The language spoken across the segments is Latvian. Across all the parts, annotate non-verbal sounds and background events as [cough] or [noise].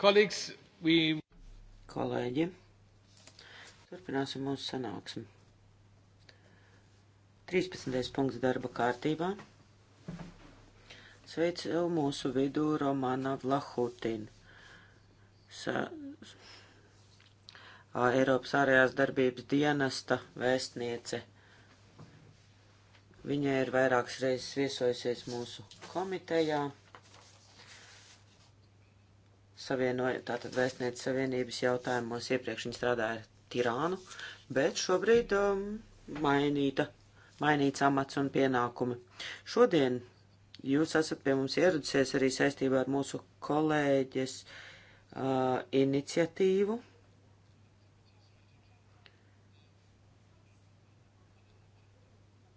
Colleagues, we... Kolēģi, turpināsim mūsu sanāksmi. 13. punkts darba kārtībā. Sveicu mūsu vidū Romana Vlahutinu. Sa... Eiropas ārējās darbības dienesta vēstniece. Viņa ir vairākas reizes viesojusies mūsu komitejā savienoja, tātad vēstniece savienības jautājumos iepriekš viņa strādāja Tirānu, bet šobrīd um, mainīta, mainīts amats un pienākumi. Šodien jūs esat pie mums ieradusies arī saistībā ar mūsu kolēģes uh, iniciatīvu.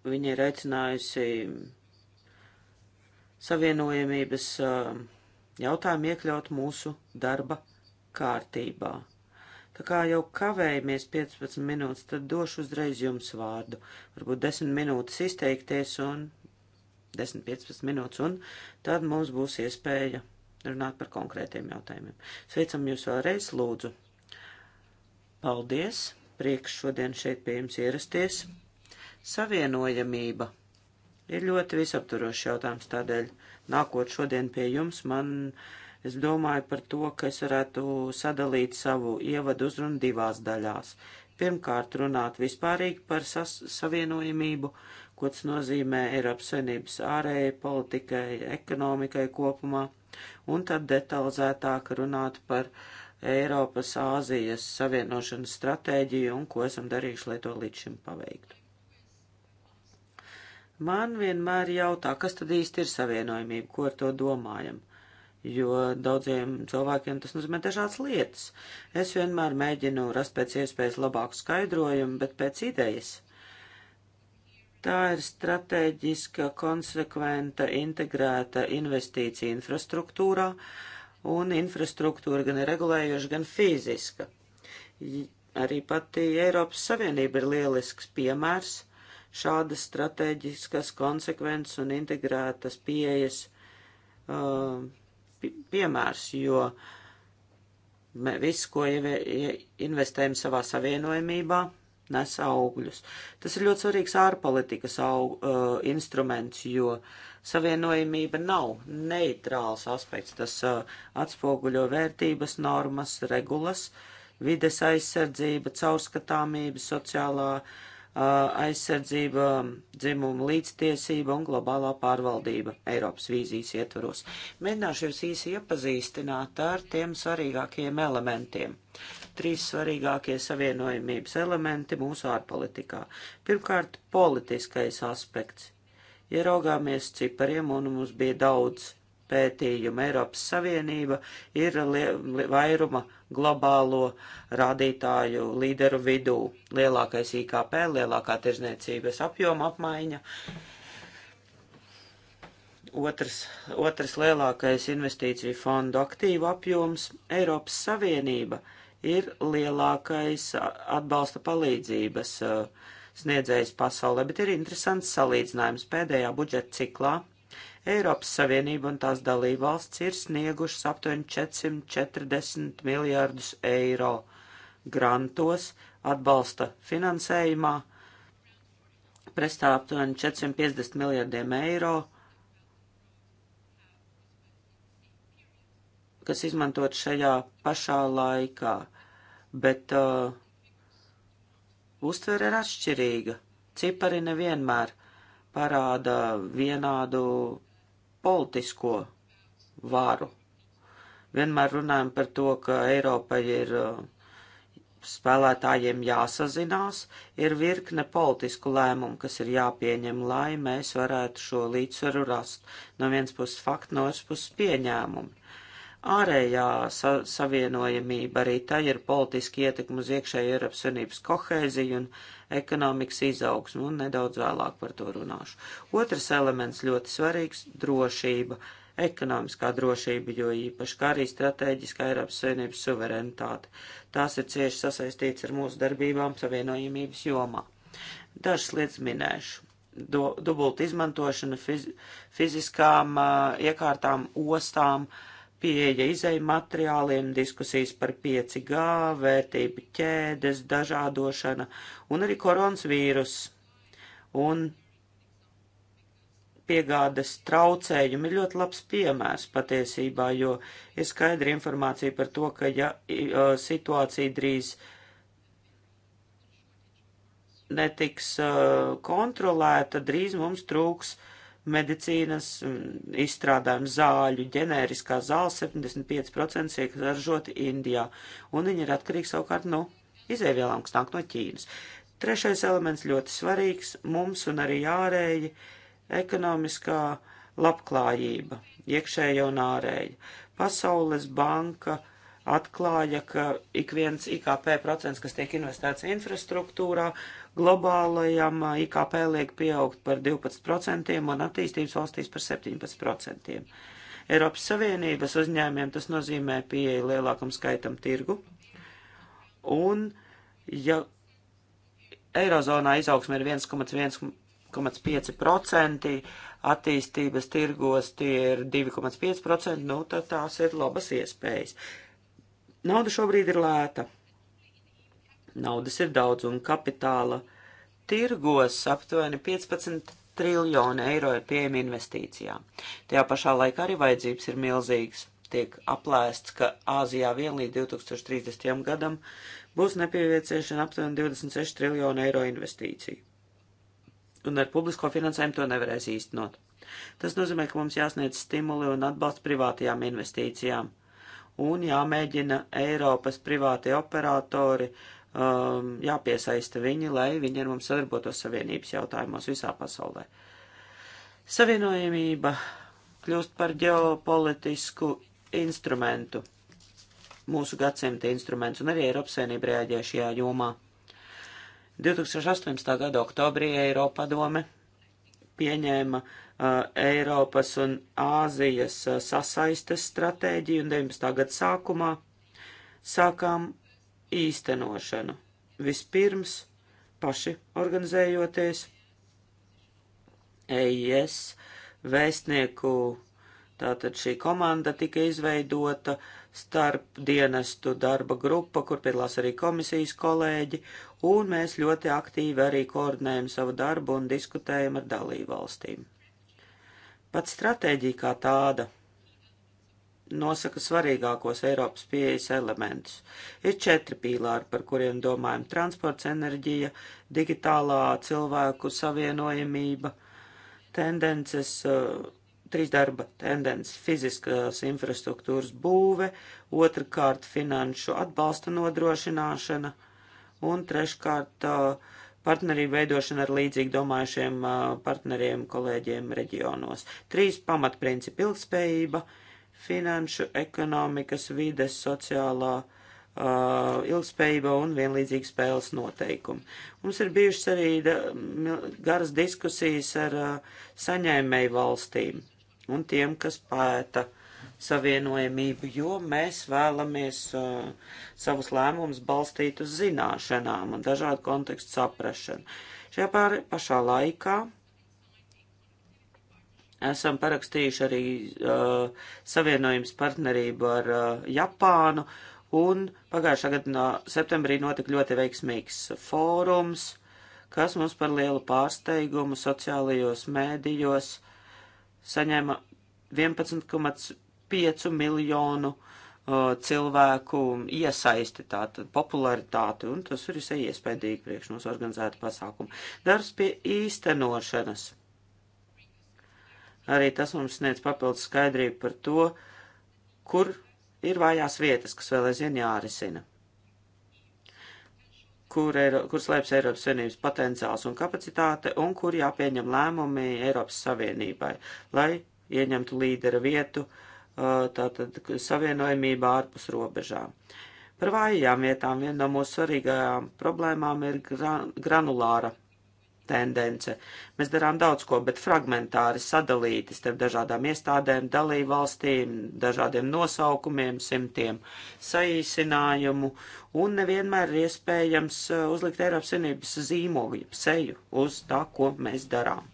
Viņa ir aicinājusi savienojamības uh, jautājumu iekļaut mūsu darba kārtībā. Tā kā jau kavējamies 15 minūtes, tad došu uzreiz jums vārdu. Varbūt 10 minūtes izteikties un 10-15 minūtes, un tad mums būs iespēja runāt par konkrētiem jautājumiem. Sveicam jūs vēlreiz, lūdzu. Paldies, prieks šodien šeit pie jums ierasties. Savienojamība ir ļoti visapturošs jautājums tādēļ nākot šodien pie jums, man, es domāju par to, ka es varētu sadalīt savu ievadu uzrunu divās daļās. Pirmkārt, runāt vispārīgi par savienojamību, ko tas nozīmē Eiropas Savienības ārējai politikai, ekonomikai kopumā, un tad detalizētāk runāt par Eiropas Āzijas savienošanas stratēģiju un ko esam darījuši, lai to līdz šim paveiktu. Man vienmēr jautā, kas tad īsti ir savienojumība, ko ar to domājam, jo daudziem cilvēkiem tas nozīmē dažādas lietas. Es vienmēr mēģinu rast pēc iespējas labāku skaidrojumu, bet pēc idejas. Tā ir strateģiska, konsekventa, integrēta investīcija infrastruktūrā, un infrastruktūra gan ir regulējoša, gan fiziska. Arī pati Eiropas Savienība ir lielisks piemērs šādas strateģiskas, konsekventas un integrētas pieejas uh, piemērs, jo mē, viss, ko investējam savā savienojumībā, nes augļus. Tas ir ļoti svarīgs ārpolitikas aug, uh, instruments, jo savienojumība nav neitrāls aspekts. Tas uh, atspoguļo vērtības, normas, regulas, vides aizsardzība, caurskatāmība, sociālā uh, Uh, aizsardzība, dzimuma līdztiesība un globālā pārvaldība Eiropas vīzijas ietvaros. Mēģināšu jūs īsi iepazīstināt ar tiem svarīgākajiem elementiem. Trīs svarīgākie savienojumības elementi mūsu ārpolitikā. Pirmkārt, politiskais aspekts. Ieraugāmies cipariem, un mums bija daudz pētījumu. Eiropas Savienība ir vairuma globālo rādītāju līderu vidū. Lielākais IKP, lielākā tirzniecības apjoma apmaiņa. Otrs, otrs lielākais investīciju fondu aktīvu apjoms - Eiropas Savienība ir lielākais atbalsta palīdzības sniedzējs pasaulē, bet ir interesants salīdzinājums pēdējā budžeta ciklā Eiropas Savienība un tās dalībvalsts ir sniegušas aptuveni 440 miljārdus eiro grantos atbalsta finansējumā, prestā aptuveni 450 miljardiem eiro, kas izmantot šajā pašā laikā, bet uh, uztver ir atšķirīga. Cipari nevienmēr parāda vienādu politisko varu. Vienmēr runājam par to, ka Eiropa ir uh, spēlētājiem jāsazinās, ir virkne politisku lēmumu, kas ir jāpieņem, lai mēs varētu šo līdzsvaru rast. No vienas puses fakti, no otras puses pieņēmumi. Ārējā sa savienojamība arī tā ir politiski ietekma uz iekšēju Eiropas Savienības kohēziju un ekonomikas izaugsmu, un nedaudz vēlāk par to runāšu. Otrs elements ļoti svarīgs - drošība, ekonomiskā drošība, jo īpaši kā arī strateģiskā Eiropas Savienības suverenitāte. Tās ir cieši sasaistīts ar mūsu darbībām savienojamības jomā. Dažas lietas minēšu. Do, dubulta izmantošana fiz, fiziskām uh, iekārtām, ostām, uh, pieeja izēju materiāliem, diskusijas par 5G, vērtību ķēdes, dažādošana un arī koronas vīrus un piegādes traucējumi ir ļoti labs piemērs patiesībā, jo ir skaidra informācija par to, ka ja situācija drīz netiks kontrolēta, drīz mums trūks uh, medicīnas mm, izstrādājumu zāļu, ģenēriskā zāle 75% tiek ražota Indijā, un viņi ir atkarīgi savukārt no izēvielām, kas nāk no Ķīnas. Trešais elements ļoti svarīgs mums un arī ārēji - ekonomiskā labklājība, iekšēja un ārēja. Pasaules banka atklāja, ka ik viens IKP procents, kas tiek investēts infrastruktūrā, globālajam IKP liek pieaugt par 12% un attīstības valstīs par 17%. Eiropas Savienības uzņēmiem tas nozīmē pieeja lielākam skaitam tirgu. Un, ja Eirozonā izaugsme ir 1,1,5%, attīstības tirgos tie ir 2,5%, nu tad tās ir labas iespējas. Nauda šobrīd ir lēta. Naudas ir daudz un kapitāla tirgos aptuveni 15 triljoni eiro ir pieejami investīcijām. Tajā pašā laikā arī vajadzības ir milzīgas. Tiek aplēsts, ka Āzijā vien līdz 2030. gadam būs nepieciešama aptuveni 26 triljoni eiro investīciju. Un ar publisko finansējumu to nevarēs īstenot. Tas nozīmē, ka mums jāsniedz stimuli un atbalsts privātajām investīcijām un jāmēģina Eiropas privātie operatori, um, jāpiesaista viņi, lai viņi ar mums sadarbotos savienības jautājumos visā pasaulē. Savienojamība kļūst par ģeopolitisku instrumentu, mūsu gadsimta instruments, un arī Eiropas Savienība reaģē šajā jomā. 2018. gada oktobrī Eiropa padome pieņēma uh, Eiropas un Āzijas uh, sasaistes stratēģiju un 19. gada sākumā sākām īstenošanu. Vispirms paši organizējoties EIS vēstnieku, tātad šī komanda tika izveidota starp dienestu darba grupa, kur piedalās arī komisijas kolēģi, un mēs ļoti aktīvi arī koordinējam savu darbu un diskutējam ar dalībvalstīm. Pat stratēģija kā tāda nosaka svarīgākos Eiropas pieejas elementus. Ir četri pīlāri, par kuriem domājam - transports, enerģija, digitālā cilvēku savienojamība, tendences, eh, trīsdarba tendences, fiziskās infrastruktūras būve, otrkārt finanšu atbalsta nodrošināšana Un treškārt, partnerību veidošana ar līdzīgi domājušiem partneriem, kolēģiem reģionos. Trīs pamatprincipi - ilgspējība, finanšu, ekonomikas, vides, sociālā uh, ilgspējība un vienlīdzīgi spēles noteikumi. Mums ir bijušas arī da, garas diskusijas ar uh, saņēmēju valstīm un tiem, kas pēta uh, savienojamību, jo mēs vēlamies uh, savus lēmumus balstīt uz zināšanām un dažādu kontekstu saprašanu. Šajā pār, pašā laikā esam parakstījuši arī uh, savienojums partnerību ar uh, Japānu, un pagājušā gada no septembrī notika ļoti veiksmīgs fórums, kas mums par lielu pārsteigumu sociālajos mēdījos saņēma 11,1 5 miljonu uh, cilvēku iesaisti, tātad popularitāti, un tas ir visai iespējīgi priekš mūsu organizēta pasākuma. Darbs pie īstenošanas. Arī tas mums sniedz papildus skaidrību par to, kur ir vājās vietas, kas vēl aizvien jārisina kur, Eiro, kur slēpjas Eiropas Savienības potenciāls un kapacitāte, un kur jāpieņem lēmumi Eiropas Savienībai, lai ieņemtu līdera vietu uh, tātad savienojamība ārpus robežām. Par vājām vietām viena no mūsu svarīgajām problēmām ir granulāra tendence. Mēs darām daudz ko, bet fragmentāri sadalīti starp dažādām iestādēm, dalību valstīm, dažādiem nosaukumiem, simtiem saīsinājumu, un nevienmēr ir iespējams uzlikt Eiropas Savienības zīmogu, seju uz tā, ko mēs darām.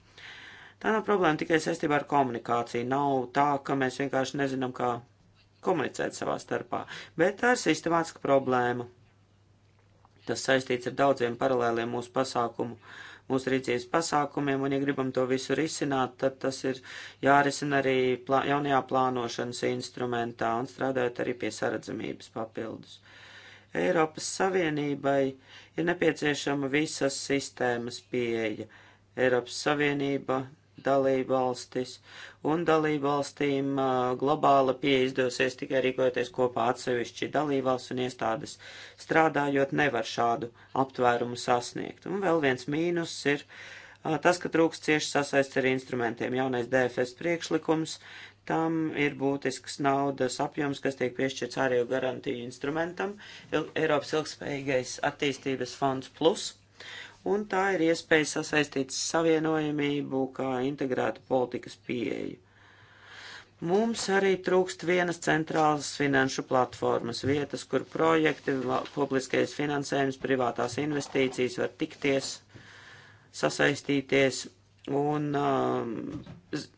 Tā nav problēma tikai saistībā ar komunikāciju. Nav tā, ka mēs vienkārši nezinām, kā komunicēt savā starpā, bet tā ir sistemātiska problēma. Tas saistīts ar daudziem paralēliem mūsu pasākumu, mūsu rīcības pasākumiem, un ja gribam to visu risināt, tad tas ir jārisina arī plā, jaunajā plānošanas instrumentā un strādājot arī pie saredzamības papildus. Eiropas Savienībai ir nepieciešama visas sistēmas pieeja. Eiropas Savienība dalībvalstis, un dalībvalstīm globāla pieeja izdosies tikai rīkoties kopā atsevišķi dalībvalsts un iestādes. Strādājot nevar šādu aptvērumu sasniegt. Un vēl viens mīnus ir tas, ka trūks cieši sasaists ar instrumentiem. Jaunais DFS priekšlikums, tam ir būtisks naudas apjoms, kas tiek piešķirts ārējo garantiju instrumentam, Eiropas ilgspējīgais attīstības fonds plus un tā ir iespēja sasaistīt savienojamību kā integrētu politikas pieeju. Mums arī trūkst vienas centrālas finanšu platformas vietas, kur projekti, publiskais finansējums, privātās investīcijas var tikties, sasaistīties, un, um,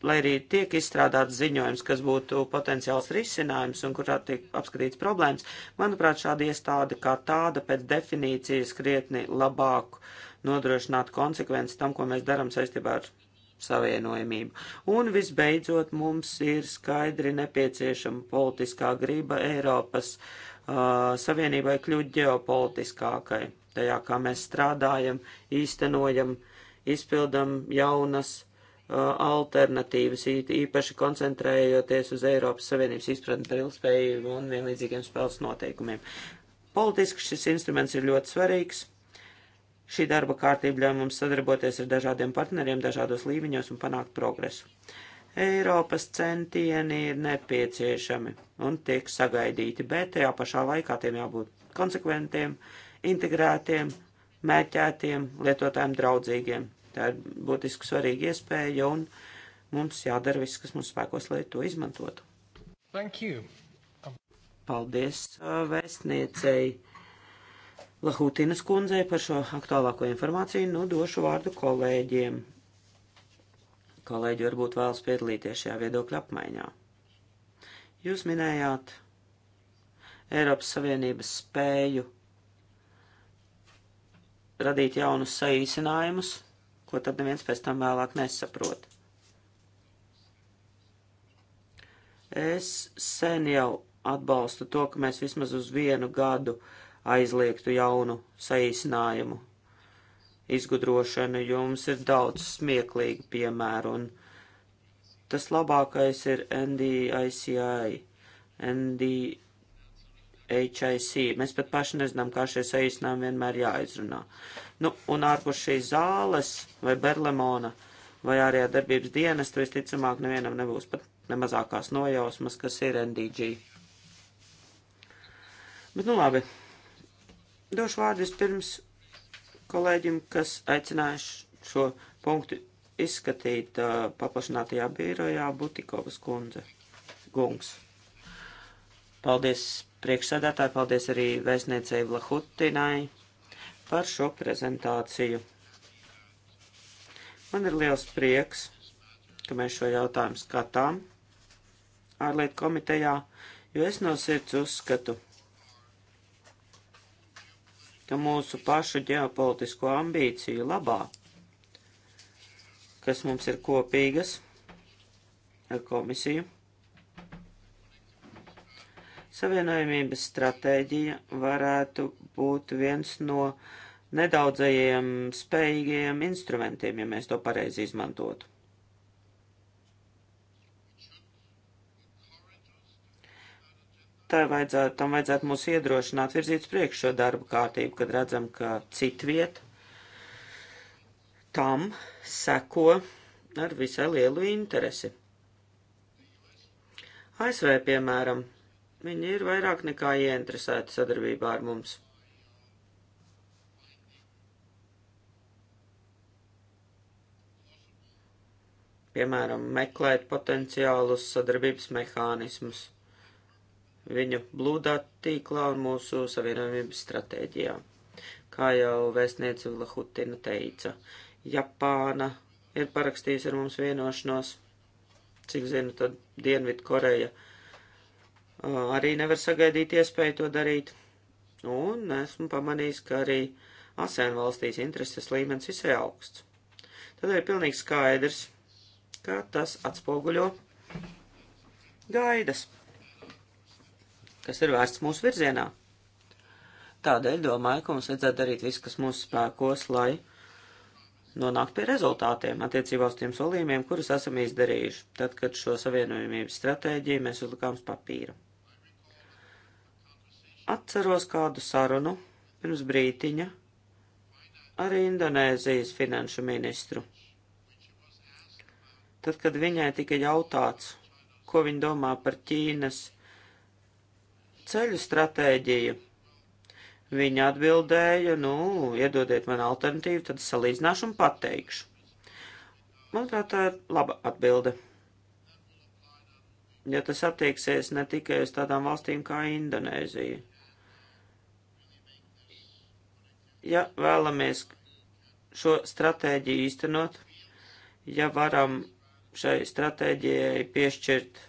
lai arī tiek izstrādāts ziņojums, kas būtu potenciāls risinājums un kurā tiek apskatīts problēmas, manuprāt, šāda iestāde kā tāda pēc definīcijas krietni labāku uh, nodrošināt konsekvenci tam, ko mēs darām saistībā ar savienojamību. Un visbeidzot, mums ir skaidri nepieciešama politiskā grība Eiropas uh, Savienībai kļūt ģeopolitiskākai. Tajā, kā mēs strādājam, īstenojam, izpildam jaunas uh, alternatīvas, īpaši koncentrējoties uz Eiropas Savienības izpratni par ilgspējību un vienlīdzīgiem spēles noteikumiem. Politiski šis instruments ir ļoti svarīgs Šī darba kārtība ļauj mums sadarboties ar dažādiem partneriem dažādos līmeņos un panākt progresu. Eiropas centieni ir nepieciešami un tiek sagaidīti, bet tajā pašā laikā tiem jābūt konsekventiem, integrētiem, mērķētiem, lietotājiem draudzīgiem. Tā ir būtiski svarīga iespēja un mums jādara viss, kas mums spēkos, lai to izmantotu. Thank you. Paldies vēstniecei. Lahūtinas kundzei par šo aktuālāko informāciju. Nu, došu vārdu kolēģiem. Kolēģi varbūt vēlas piedalīties šajā viedokļa apmaiņā. Jūs minējāt Eiropas Savienības spēju radīt jaunus saīsinājumus, ko tad neviens pēc tam vēlāk nesaprot. Es sen jau atbalstu to, ka mēs vismaz uz vienu gadu uh, aizliegtu jaunu saīsinājumu. Izgudrošana jums ir daudz smieklīgi piemēru, un tas labākais ir NDICI, NDHIC. Mēs pat paši nezinām, kā šie saīsinājumi vienmēr jāizrunā. Nu, un ārpus šīs zāles vai Berlemona vai ārējā darbības dienas, tu visticamāk nevienam nebūs pat nemazākās nojausmas, kas ir NDG. Bet nu labi. Došu vārdu vispirms kolēģim, kas aicināja šo punktu izskatīt uh, paplašinātajā birojā Butikovas kundze. Gungs. Paldies priekšsēdētāji, paldies arī vēstniecei Vlahutinai par šo prezentāciju. Man ir liels prieks, ka mēs šo jautājumu skatām ārlietu komitejā, jo es no sirds uzskatu, ka mūsu pašu ģeopolitisko ambīciju labā, kas mums ir kopīgas ar komisiju, savienojumības stratēģija varētu būt viens no nedaudzajiem spējīgajiem instrumentiem, ja mēs to pareizi izmantotu. vajadzētu, tam vajadzētu mūs iedrošināt virzīt priekš šo darbu kārtību, kad redzam, ka citviet tam seko ar visai lielu interesi. ASV, piemēram, viņi ir vairāk nekā ieinteresēti sadarbībā ar mums. Piemēram, meklēt potenciālus sadarbības mehānismus viņu blūdā tīklā un mūsu savienojumības stratēģijā. Kā jau vēstniece Lahutina teica, Japāna ir parakstījusi ar mums vienošanos, cik zinu, tad Dienvidu Koreja arī nevar sagaidīt iespēju to darīt. Un esmu pamanījis, ka arī ASEAN valstīs intereses līmenis visai augsts. Tad ir pilnīgi skaidrs, ka tas atspoguļo gaidas kas ir vērsts mūsu virzienā. Tādēļ domāju, ka mums vajadzētu darīt visu, kas mūsu spēkos, lai nonāktu pie rezultātiem attiecībā uz tiem solījumiem, kurus esam izdarījuši, tad, kad šo savienojumības stratēģiju mēs uzlikām uz papīra. Atceros kādu sarunu pirms brītiņa ar Indonēzijas finanšu ministru. Tad, kad viņai tika jautāts, ko viņa domā par Ķīnas ceļu stratēģija. Viņa atbildēja, nu, iedodiet man alternatīvu, tad salīdzināšu un pateikšu. Manuprāt, tā ir laba atbilde. Ja tas attieksies ne tikai uz tādām valstīm kā Indonēzija. Ja vēlamies šo stratēģiju īstenot, ja varam šai stratēģijai piešķirt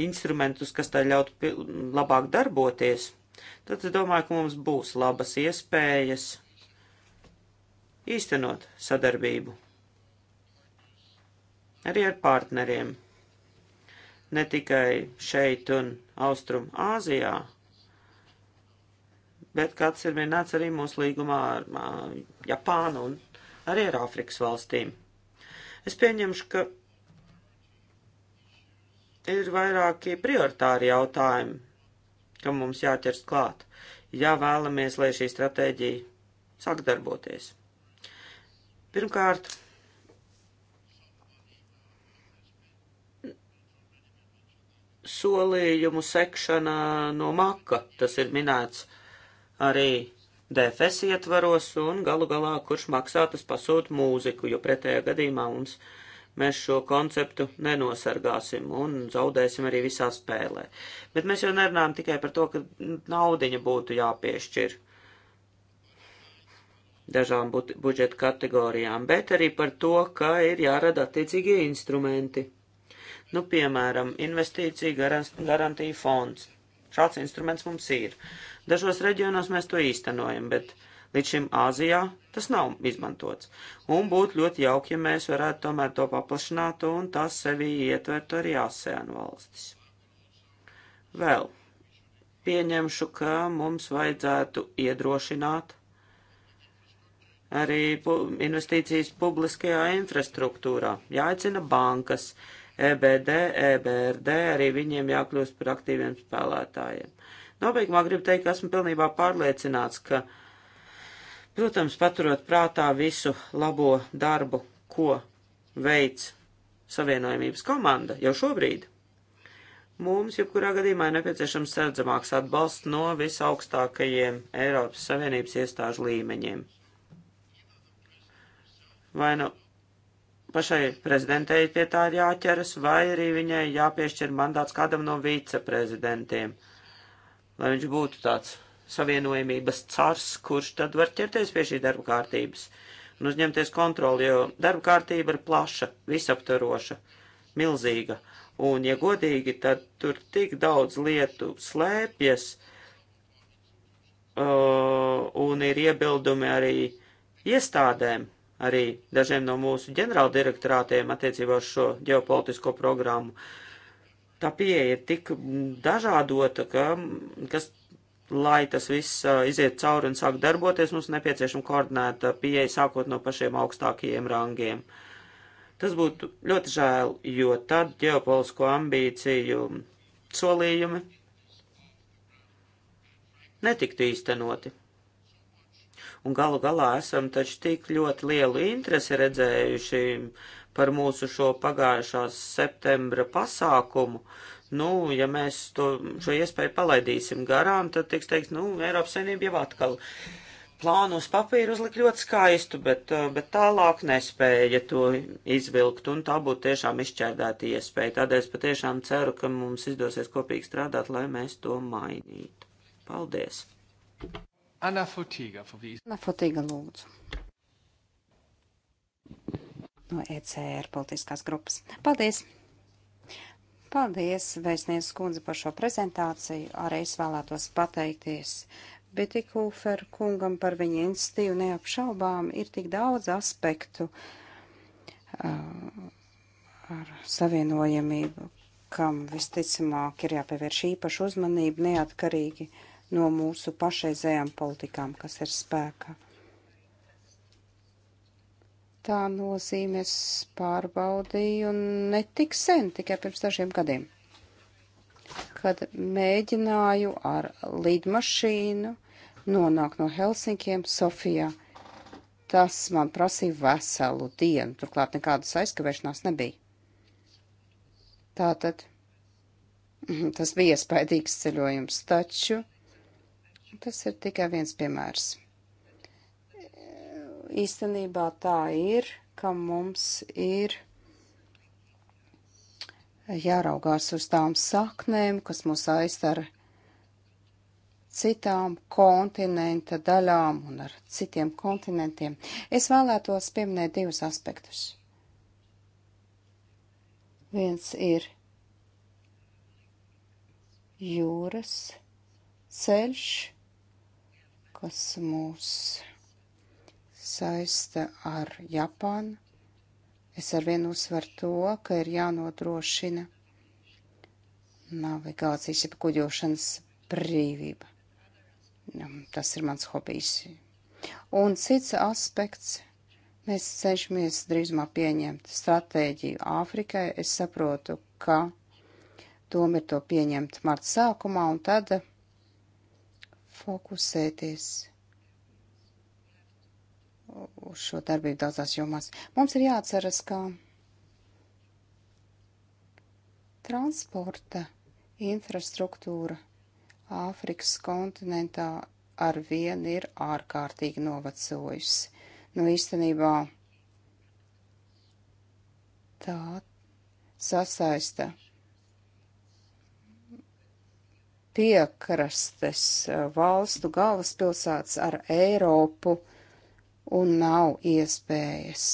instrumentus, kas tā ļautu labāk darboties, tad es domāju, ka mums būs labas iespējas īstenot sadarbību arī ar partneriem. Ne tikai šeit un Austrum Āzijā, bet kāds ir minēts arī mūsu līgumā ar Japānu un arī ar Āfrikas valstīm. Es pieņemšu, ka ir vairāki prioritāri jautājumi, kam mums jāķers klāt, ja vēlamies, lai šī stratēģija sāk darboties. Pirmkārt, solījumu sekšana no maka, tas ir minēts arī DFS ietvaros, un galu galā, kurš maksā, tas pasūta mūziku, jo pretējā gadījumā mums ir mēs šo konceptu nenosargāsim un zaudēsim arī visā spēlē. Bet mēs jau nerunājam tikai par to, ka naudiņa būtu jāpiešķir dažām budžeta kategorijām, bet arī par to, ka ir jārada attiecīgie instrumenti. Nu, piemēram, investīcija garantija fonds. Šāds instruments mums ir. Dažos reģionos mēs to īstenojam, bet Līdz šim Āzijā tas nav izmantots. Un būtu ļoti jauki, ja mēs varētu tomēr to paplašināt un tas sevī ietvertu arī ASEAN valstis. Vēl pieņemšu, ka mums vajadzētu iedrošināt arī pu investīcijas publiskajā infrastruktūrā. Jāicina bankas, EBD, EBRD, arī viņiem jākļūst par aktīviem spēlētājiem. Nobeigumā gribu teikt, ka esmu pilnībā pārliecināts, ka uh, Protams, paturot prātā visu labo darbu, ko veids savienojumības komanda jau šobrīd. Mums, jebkurā gadījumā, ir nepieciešams sardzamāks atbalsts no visaugstākajiem Eiropas Savienības iestāžu līmeņiem. Vai nu pašai prezidentei pie tā ir jāķeras, vai arī viņai jāpiešķir mandāts kādam no viceprezidentiem, lai viņš būtu tāds savienojamības cars, kurš tad var ķerties pie šī darba kārtības un uzņemties kontroli, jo darba kārtība ir plaša, visaptvaroša, milzīga. Un, ja godīgi, tad tur tik daudz lietu slēpjas, uh, un ir iebildumi arī iestādēm, arī dažiem no mūsu ģenerāldirektorātiem attiecībā uz šo ģeopolitisko programmu. Tā pieeja ir tik dažādota, ka, kas lai tas viss iziet cauri un sāk darboties, mums nepieciešama koordinēta pieeja sākot no pašiem augstākajiem rangiem. Tas būtu ļoti žēl, jo tad ģeopolisko ambīciju solījumi netiktu īstenoti. Un galu galā esam taču tik ļoti lielu interesi redzējuši par mūsu šo pagājušās septembra pasākumu, nu, ja mēs to, šo iespēju palaidīsim garām, tad tiks teikt, nu, Eiropas saimnība jau atkal plānu uz papīru uzlikt ļoti skaistu, bet, eh, bet tālāk nespēja to izvilkt, un tā būtu tiešām izšķērdēta iespēja. Tādēļ es patiešām ceru, ka mums izdosies kopīgi strādāt, lai mēs to mainītu. Paldies! Anna Fotīga, Anna Fotīga lūdzu. No ECR politiskās grupas. Paldies! Paldies, Vēstnieks kundze, par šo prezentāciju. Arī es vēlētos pateikties Bitikūfer kungam par viņa institīvu. Neapšaubām ir tik daudz aspektu uh, ar savienojamību, kam visticamāk ir jāpievērš īpaša uzmanība neatkarīgi no mūsu pašreizējām politikām, kas ir spēkā tā nozīmes pārbaudīju ne tik sen, tikai pirms dažiem gadiem, kad mēģināju ar lidmašīnu nonākt no Helsinkiem Sofijā. Tas man prasīja veselu dienu, turklāt nekādas aizkavēšanās nebija. Tātad, [clears throat] tas bija iespaidīgs ceļojums, taču tas ir tikai viens piemērs īstenībā tā ir, ka mums ir jāraugās uz tām saknēm, kas mūs aizst ar citām kontinenta daļām un ar citiem kontinentiem. Es vēlētos pieminēt divus aspektus. Viens ir jūras ceļš, kas mūs saista ar Japānu. Es arvien uzsveru to, ka ir jānodrošina navigācijas, jeb kuģošanas brīvība. Nu, tas ir mans hobijs. Un cits aspekts. Mēs cenšamies drīzumā pieņemt stratēģiju Āfrikai. Es saprotu, ka doma ir to pieņemt marta sākumā un tad fokusēties uz šo darbību daudzās jomās. Mums ir jāatceras, ka transporta infrastruktūra Āfrikas kontinentā ar vienu ir ārkārtīgi novecojusi. Nu, īstenībā tā sasaista piekrastes eh, valstu galvaspilsētas ar Eiropu un nav iespējas.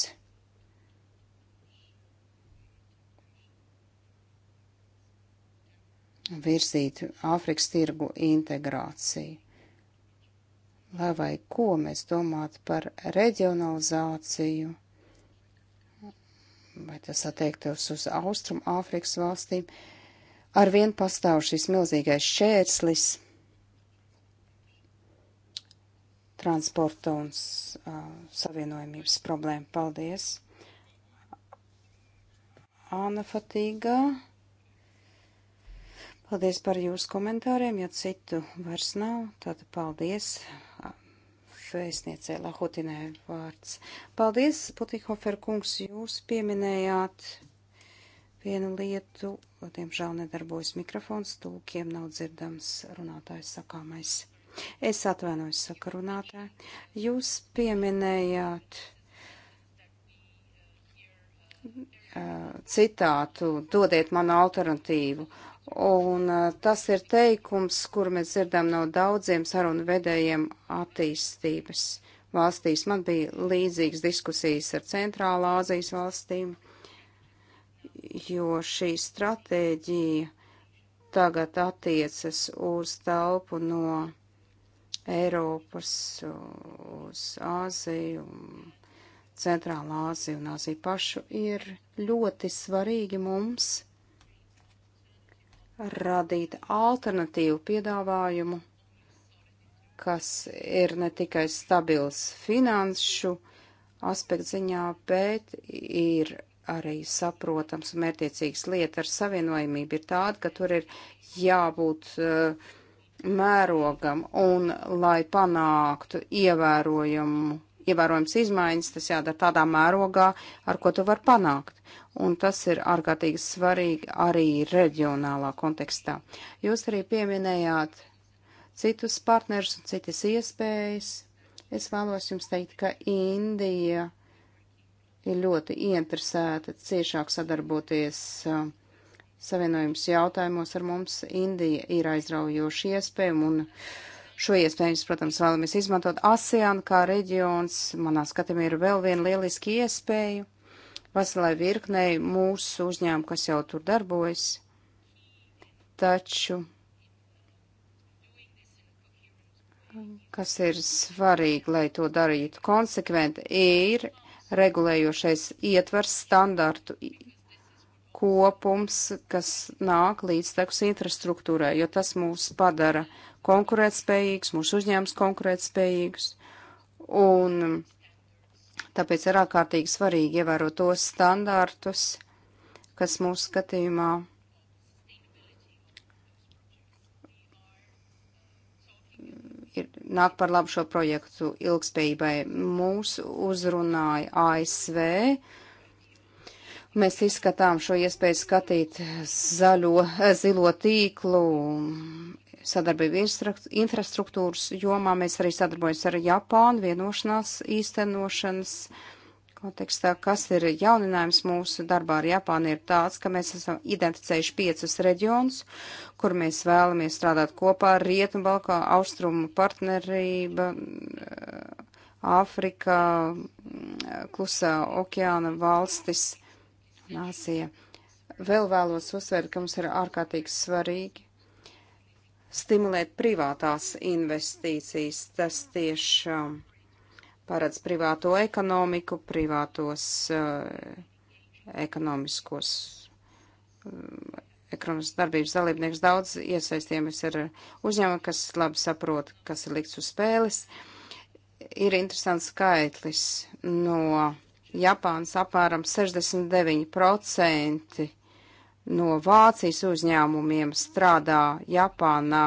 virzīt Āfrikas tirgu integrāciju. Lai vai ko mēs domātu par reģionalizāciju, vai tas attiektos uz Austrum Āfrikas valstīm, arvien pastāv šis milzīgais šērslis transporta un uh, savienojumības problēmu. Paldies! Āna Fatīgā. Paldies par jūsu komentāriem, ja citu vairs nav, tad paldies vēstniecei Lahotinē vārds. Paldies, Putihofer kungs, jūs pieminējāt vienu lietu, diemžēl nedarbojas mikrofons, tūkiem nav dzirdams runātājs sakāmais. Es atvainojos, saka runātāji. Jūs pieminējāt citātu, dodiet man alternatīvu. Un tas ir teikums, kur mēs dzirdam no daudziem sarunu vedējiem attīstības valstīs. Man bija līdzīgas diskusijas ar Centrālā Āzijas valstīm, jo šī stratēģija tagad attiecas uz telpu no Eiropas uz Āziju, Centrālā Āziju un Āziju pašu ir ļoti svarīgi mums radīt alternatīvu piedāvājumu, kas ir ne tikai stabils finanšu aspektu ziņā, bet ir arī saprotams un mērtiecīgs lieta ar savienojumību ir tāda, ka tur ir jābūt uh, mērogam un lai panāktu ievērojumu, ievērojams izmaiņas, tas jādara tādā mērogā, ar ko tu var panākt. Un tas ir ārkārtīgi svarīgi arī reģionālā kontekstā. Jūs arī pieminējāt citus partnerus un citas iespējas. Es vēlos jums teikt, ka Indija ir ļoti interesēta ciešāk sadarboties uh, Savienojums jautājumos ar mums Indija ir aizraujoši iespēju un šo iespēju, mēs, protams, vēlamies izmantot. ASEAN kā reģions, manā skatījumā, ir vēl viena lieliski iespēja veselai virknei mūsu uzņēmumu, kas jau tur darbojas. Taču kas ir svarīgi, lai to darītu konsekventi, ir regulējošais ietvers standartu kopums, kas nāk līdz tekus infrastruktūrai, jo tas mūs padara konkurētspējīgus, mūsu uzņēmums konkurētspējīgus. Un tāpēc ir ārkārtīgi svarīgi ievērot tos standārtus, kas mūsu skatījumā ir, nāk par labu šo projektu ilgspējībai. Mūs uzrunāja ASV Mēs izskatām šo iespēju skatīt zaļo, eh, zilo tīklu, sadarbību infrastruktūras jomā. Mēs arī sadarbojamies ar Japānu vienošanās īstenošanas kontekstā, kas ir jauninājums mūsu darbā ar Japānu, ir tāds, ka mēs esam identificējuši piecus reģionus, kur mēs vēlamies strādāt kopā - Rietumu, Balkā, Austrumu partnerība, eh, Āfrika, mm, eh, Klusā okeāna valstis. Āzija. Vēl vēlos uzsvērt, ka mums ir ārkārtīgi svarīgi stimulēt privātās investīcijas. Tas tieši um, paredz privāto ekonomiku, privātos uh, ekonomiskos uh, eh, ekonomiskas darbības dalībnieks daudz iesaistījumies ar uzņēmumu, kas labi saprot, kas ir likts uz spēles. Ir interesants skaitlis no Japāns apmēram 69% no Vācijas uzņēmumiem strādā Japānā.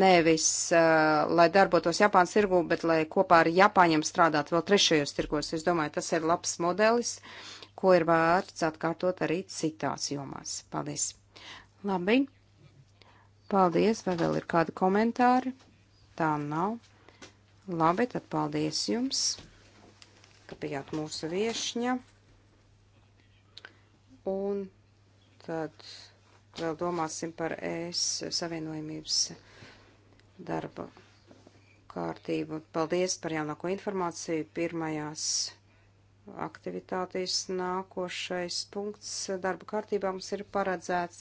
Nevis, uh, lai darbotos Japānas tirgū, bet lai kopā ar Japāņiem strādātu vēl trešajos tirgos. Es domāju, tas ir labs modelis, ko ir vērts atkārtot arī citās jomās. Paldies! Labi! Paldies! Vai vēl ir kādi komentāri? Tā nav. Labi, tad paldies jums! ka bijāt mūsu viešņa. Un tad vēl domāsim par ES savienojumības darba kārtību. Paldies par jaunāko informāciju pirmajās aktivitātes nākošais punkts darba kārtībā mums ir paredzēts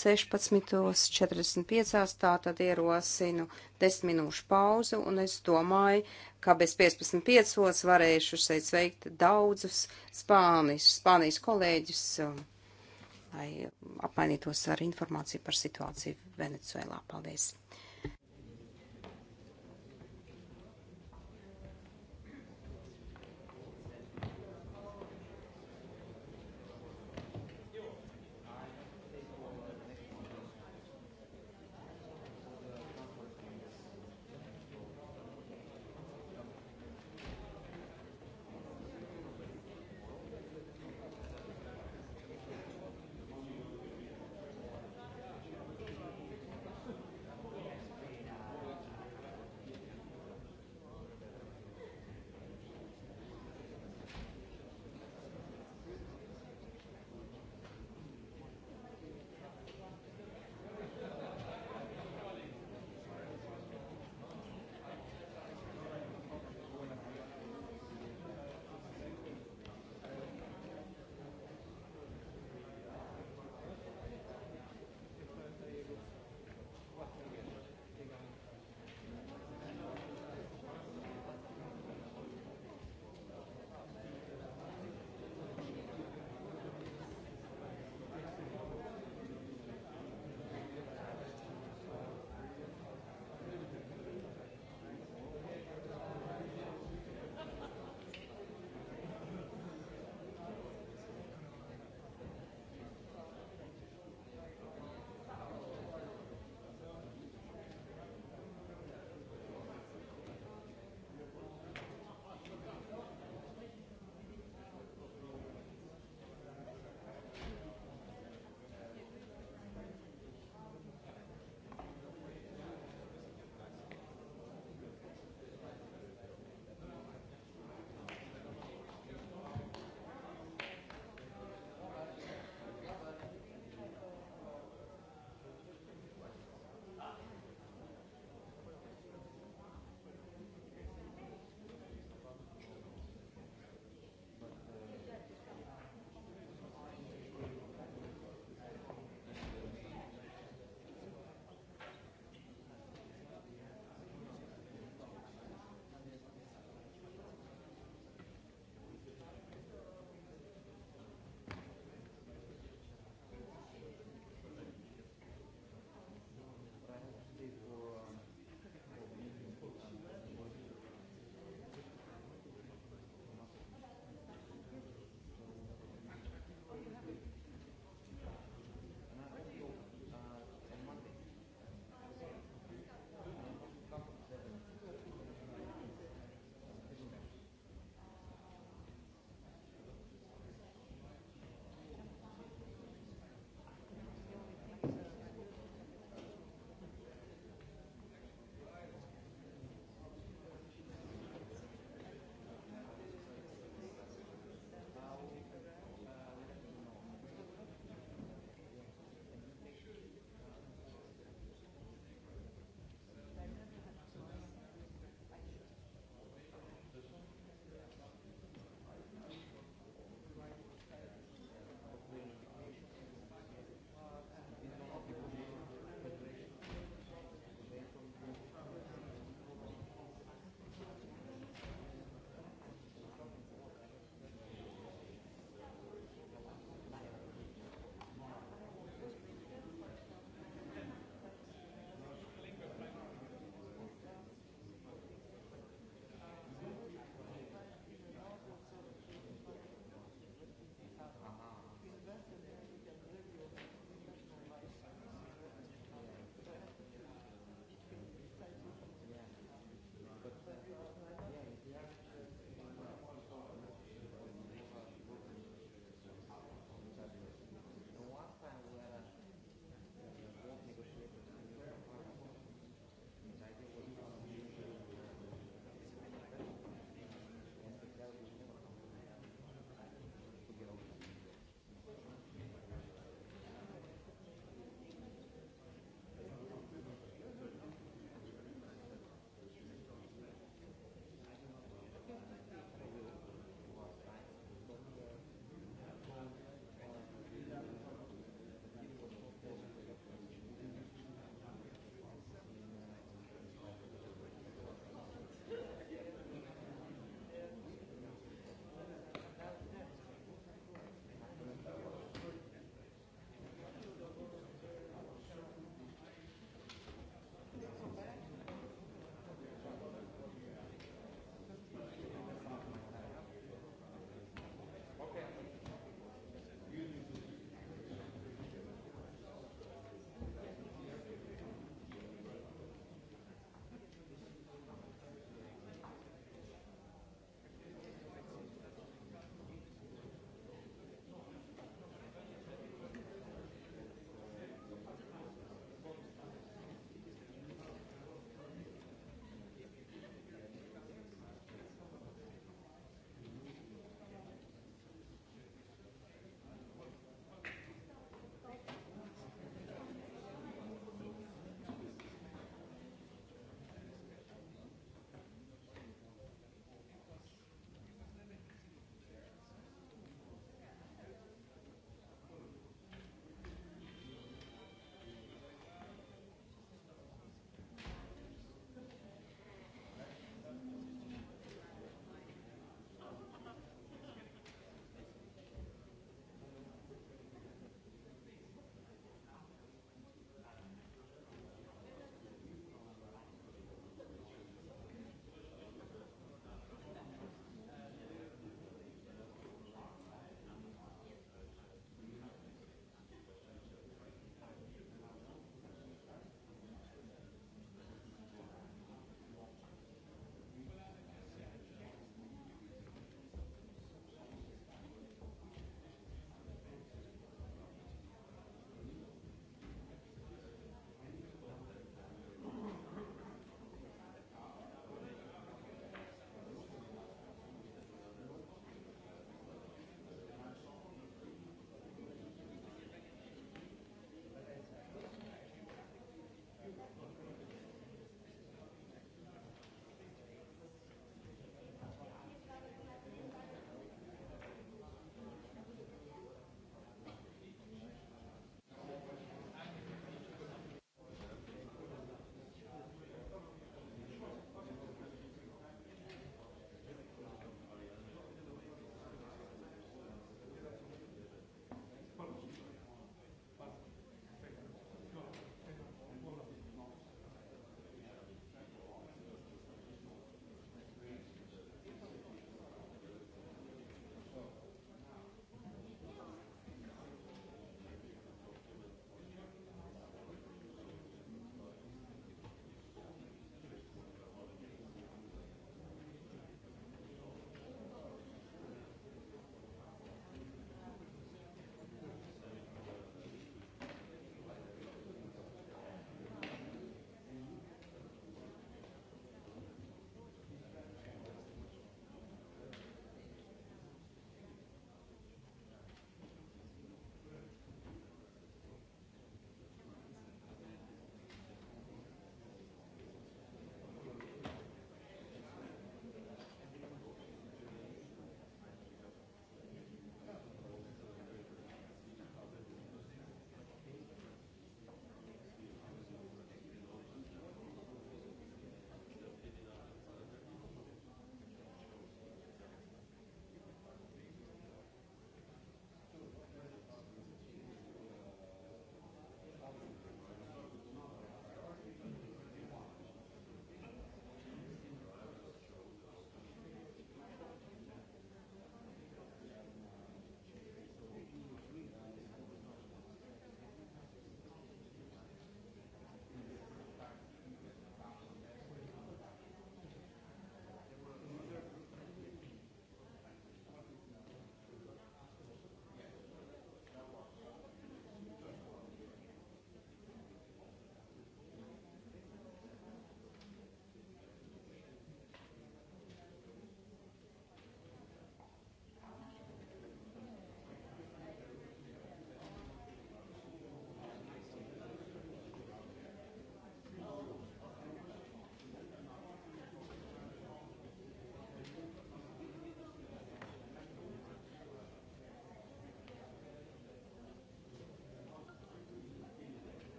16.45, tā tad ierosinu 10 minūšu pauzu, un es domāju, ka bez 15.5 varēšu šeit sveikt daudzus Spānis, Spānijas kolēģus, um, lai apmainītos ar informāciju par situāciju Venecuēlā. Paldies!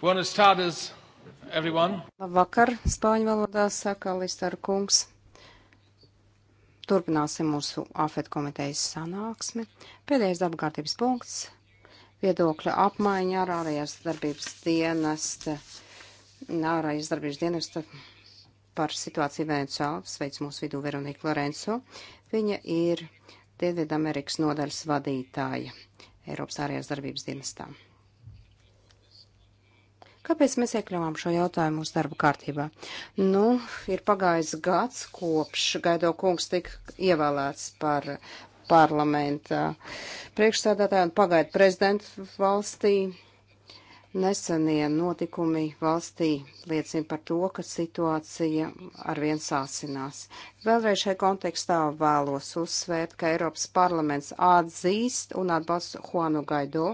Buenas tardes, everyone. Labvakar, spāņu valodā saka Listar kungs. Turpināsim mūsu AFET komitejas sanāksmi. Pēdējais apgārtības punkts - viedokļa apmaiņa ar ārējās darbības dienesta, ārējās darbības dienesta par situāciju Venecijā. Sveic mūsu vidū Veronika Lorenzo. Viņa ir Dienvidamerikas nodaļas vadītāja Eiropas ārējās darbības dienestā. Kāpēc mēs iekļāvām šo jautājumu mūsu darba kārtībā? Nu, ir pagājis gads, kopš Gaido kungs tika ievēlēts par parlamenta priekšsēdētāju un pagaidu prezidentu valstī. Nesenie notikumi valstī liecina par to, ka situācija arvien sāsinās. Vēlreiz šai kontekstā vēlos uzsvērt, ka Eiropas parlaments atzīst un atbalsta Juanu Gaido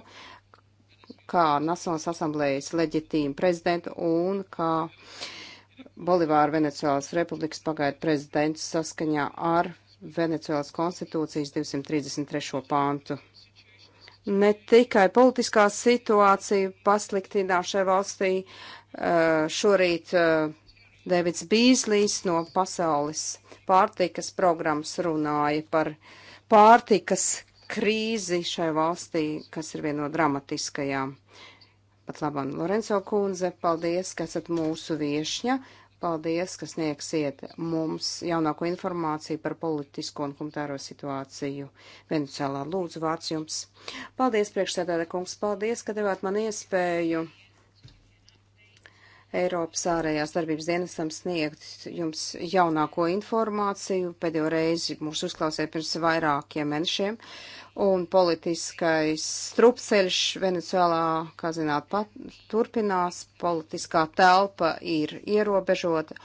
kā Nacionālas asamblējas leģitīmu prezidentu un kā Bolivāra Venecijālas republikas pagaidu prezidentu saskaņā ar Venecijālas konstitūcijas 233. pāntu ne tikai politiskā situācija pasliktinā šajā valstī. Eh, šorīt eh, Devits Bīslīs no Pasaules pārtikas programmas runāja par pārtikas krīzi šai valstī, kas ir viena no dramatiskajām. Pat labam, Lorenzo kundze, paldies, ka esat mūsu viešņa. Paldies, ka sniegsiet mums jaunāko informāciju par politisko un komunitāro situāciju Venecijālā. Lūdzu, vārds jums. Paldies, priekšsēdētāja kungs, paldies, ka devāt man iespēju Eiropas ārējās darbības dienestam sniegt jums jaunāko informāciju. Pēdējo reizi mūs uzklausīja pirms vairākiem mēnešiem. Uh, un politiskais strupceļš Venecijālā, kā zināt, pat turpinās, politiskā telpa ir ierobežota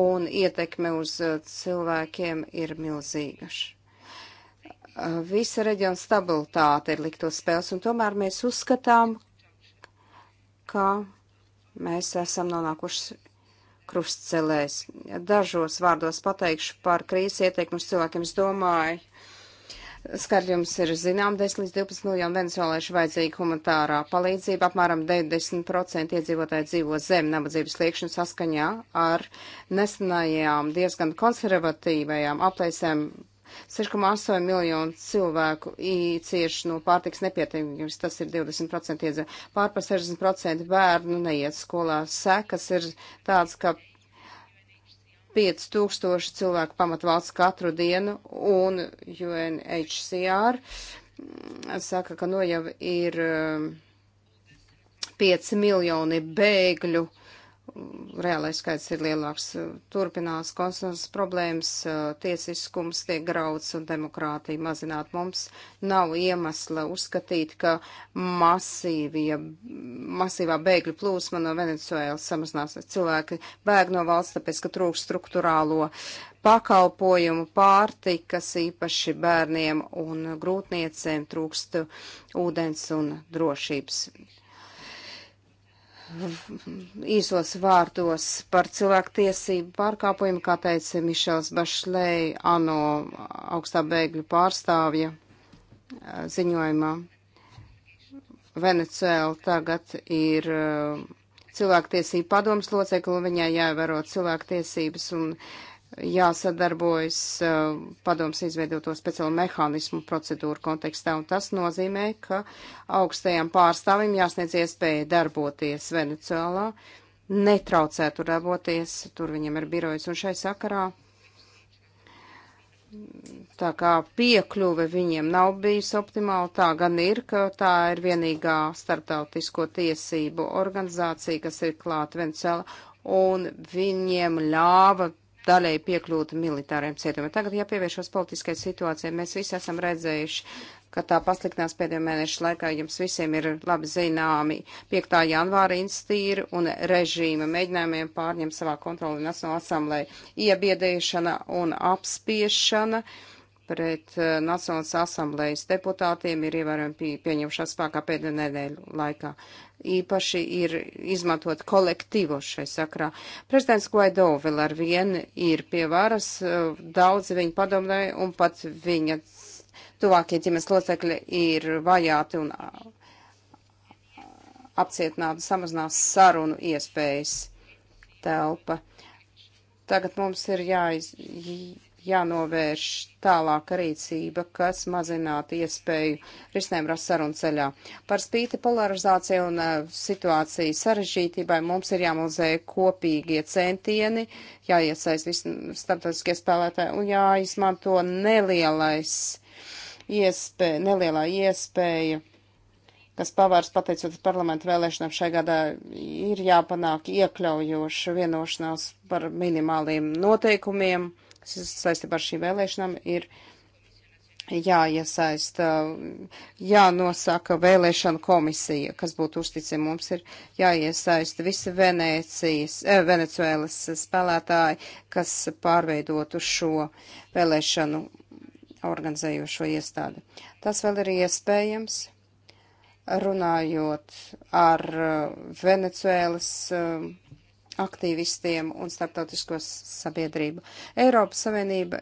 un ietekme uz uh, cilvēkiem ir milzīga. Uh, visa reģiona stabilitāte ir likto spēles, un tomēr mēs uzskatām, ka mēs esam nonākuši krustcelēs. Dažos vārdos pateikšu par krīzes ietekmi uz cilvēkiem. Es domāju, Skarļums ir zinām, 10 līdz 12 miljonu venezueliešu vajadzīga humanitārā palīdzība, apmēram 90% iedzīvotāji dzīvo zem nabadzības sliekšņa saskaņā ar nesenajām diezgan konservatīvajām aplēsēm. 6,8 miljonu cilvēku cieši no pārtiks nepietiekums, tas ir 20% iedzīvotāji. Pār par 60% bērnu neiet skolā. Sekas ir tāds, ka 5000 cilvēku pamatvalsts katru dienu, un UNHCR saka, ka no nu jau ir 5 um, miljoni bēgļu reālais skaits ir lielāks. Turpinās konsensus problēmas, tiesiskums tiek grauds un demokrātija mazināt. Mums nav iemesla uzskatīt, ka masīvie, masīvā bēgļu plūsma no Venecuēlas samazinās. Cilvēki bēg no valsts, tāpēc, ka trūkst struktūrālo pakalpojumu, pārtikas, īpaši bērniem un grūtniecēm trūkst ūdens un drošības īsos vārdos par cilvēktiesību pārkāpumu, kā teica Mišels Bašlēj, ANO augstā bēgļu pārstāvja eh, ziņojumā. Venecēla tagad ir eh, cilvēktiesība padomas locekli, un viņai jāievēro cilvēktiesības, un jāsadarbojas eh, padoms izveidoto speciālu mehānismu procedūru kontekstā, un tas nozīmē, ka augstajam pārstāvim jāsniedz iespēja darboties Venecijālā, netraucētu darboties, tur viņam ir birojas, un šai sakarā tā kā piekļuve viņiem nav bijusi optimāla, tā gan ir, ka tā ir vienīgā starptautisko tiesību organizācija, kas ir klāta Venecijālā, un viņiem ļāva daļēji piekļūtu militāriem cietumiem. Tagad, ja pievēršos politiskai situācijai, mēs visi esam redzējuši, ka tā pasliktinās pēdējo mēnešu laikā. Jums visiem ir labi zināmi 5. janvāra instīri un režīma mēģinājumiem pārņemt savā kontroli Nacionālā asamblē iebiedēšana un apspiešana pret uh, eh, Nacionālās asamblējas deputātiem ir ievērojami pie, pieņemšās spēkā pēdējā nedēļu laikā īpaši ir izmantot kolektīvo šai sakrā. Prezidents Guaido vēl ar vienu ir pie varas, eh, daudzi viņa padomēja un pat viņa tuvākie ģimenes locekļi ir vajāti un apcietināti, samazinās sarunu iespējas telpa. Tagad mums ir jāiz, jānovērš tālāka rīcība, kas mazinātu iespēju risinājumu rast sarunu ceļā. Par spīti polarizācijai un eh, situācijas sarežģītībai mums ir jāmozē kopīgie centieni, jāiesaist visi starptautiskie spēlētāji un jāizmanto nelielais iespēja, nelielā iespēja kas pavārs pateicoties parlamentu vēlēšanām šajā gadā, ir jāpanāk iekļaujoša vienošanās par minimāliem noteikumiem saistībā ar šīm vēlēšanām ir jāiesaista, jānosaka vēlēšana komisija, kas būtu uzticama. Mums ir jāiesaista visi Venecijas, eh, Venecuēlas spēlētāji, kas pārveidotu šo vēlēšanu organizējošo iestādi. Tas vēl ir iespējams, runājot ar Venecuēlas. Eh, aktīvistiem un starptautisko sabiedrību. Eiropas Savienība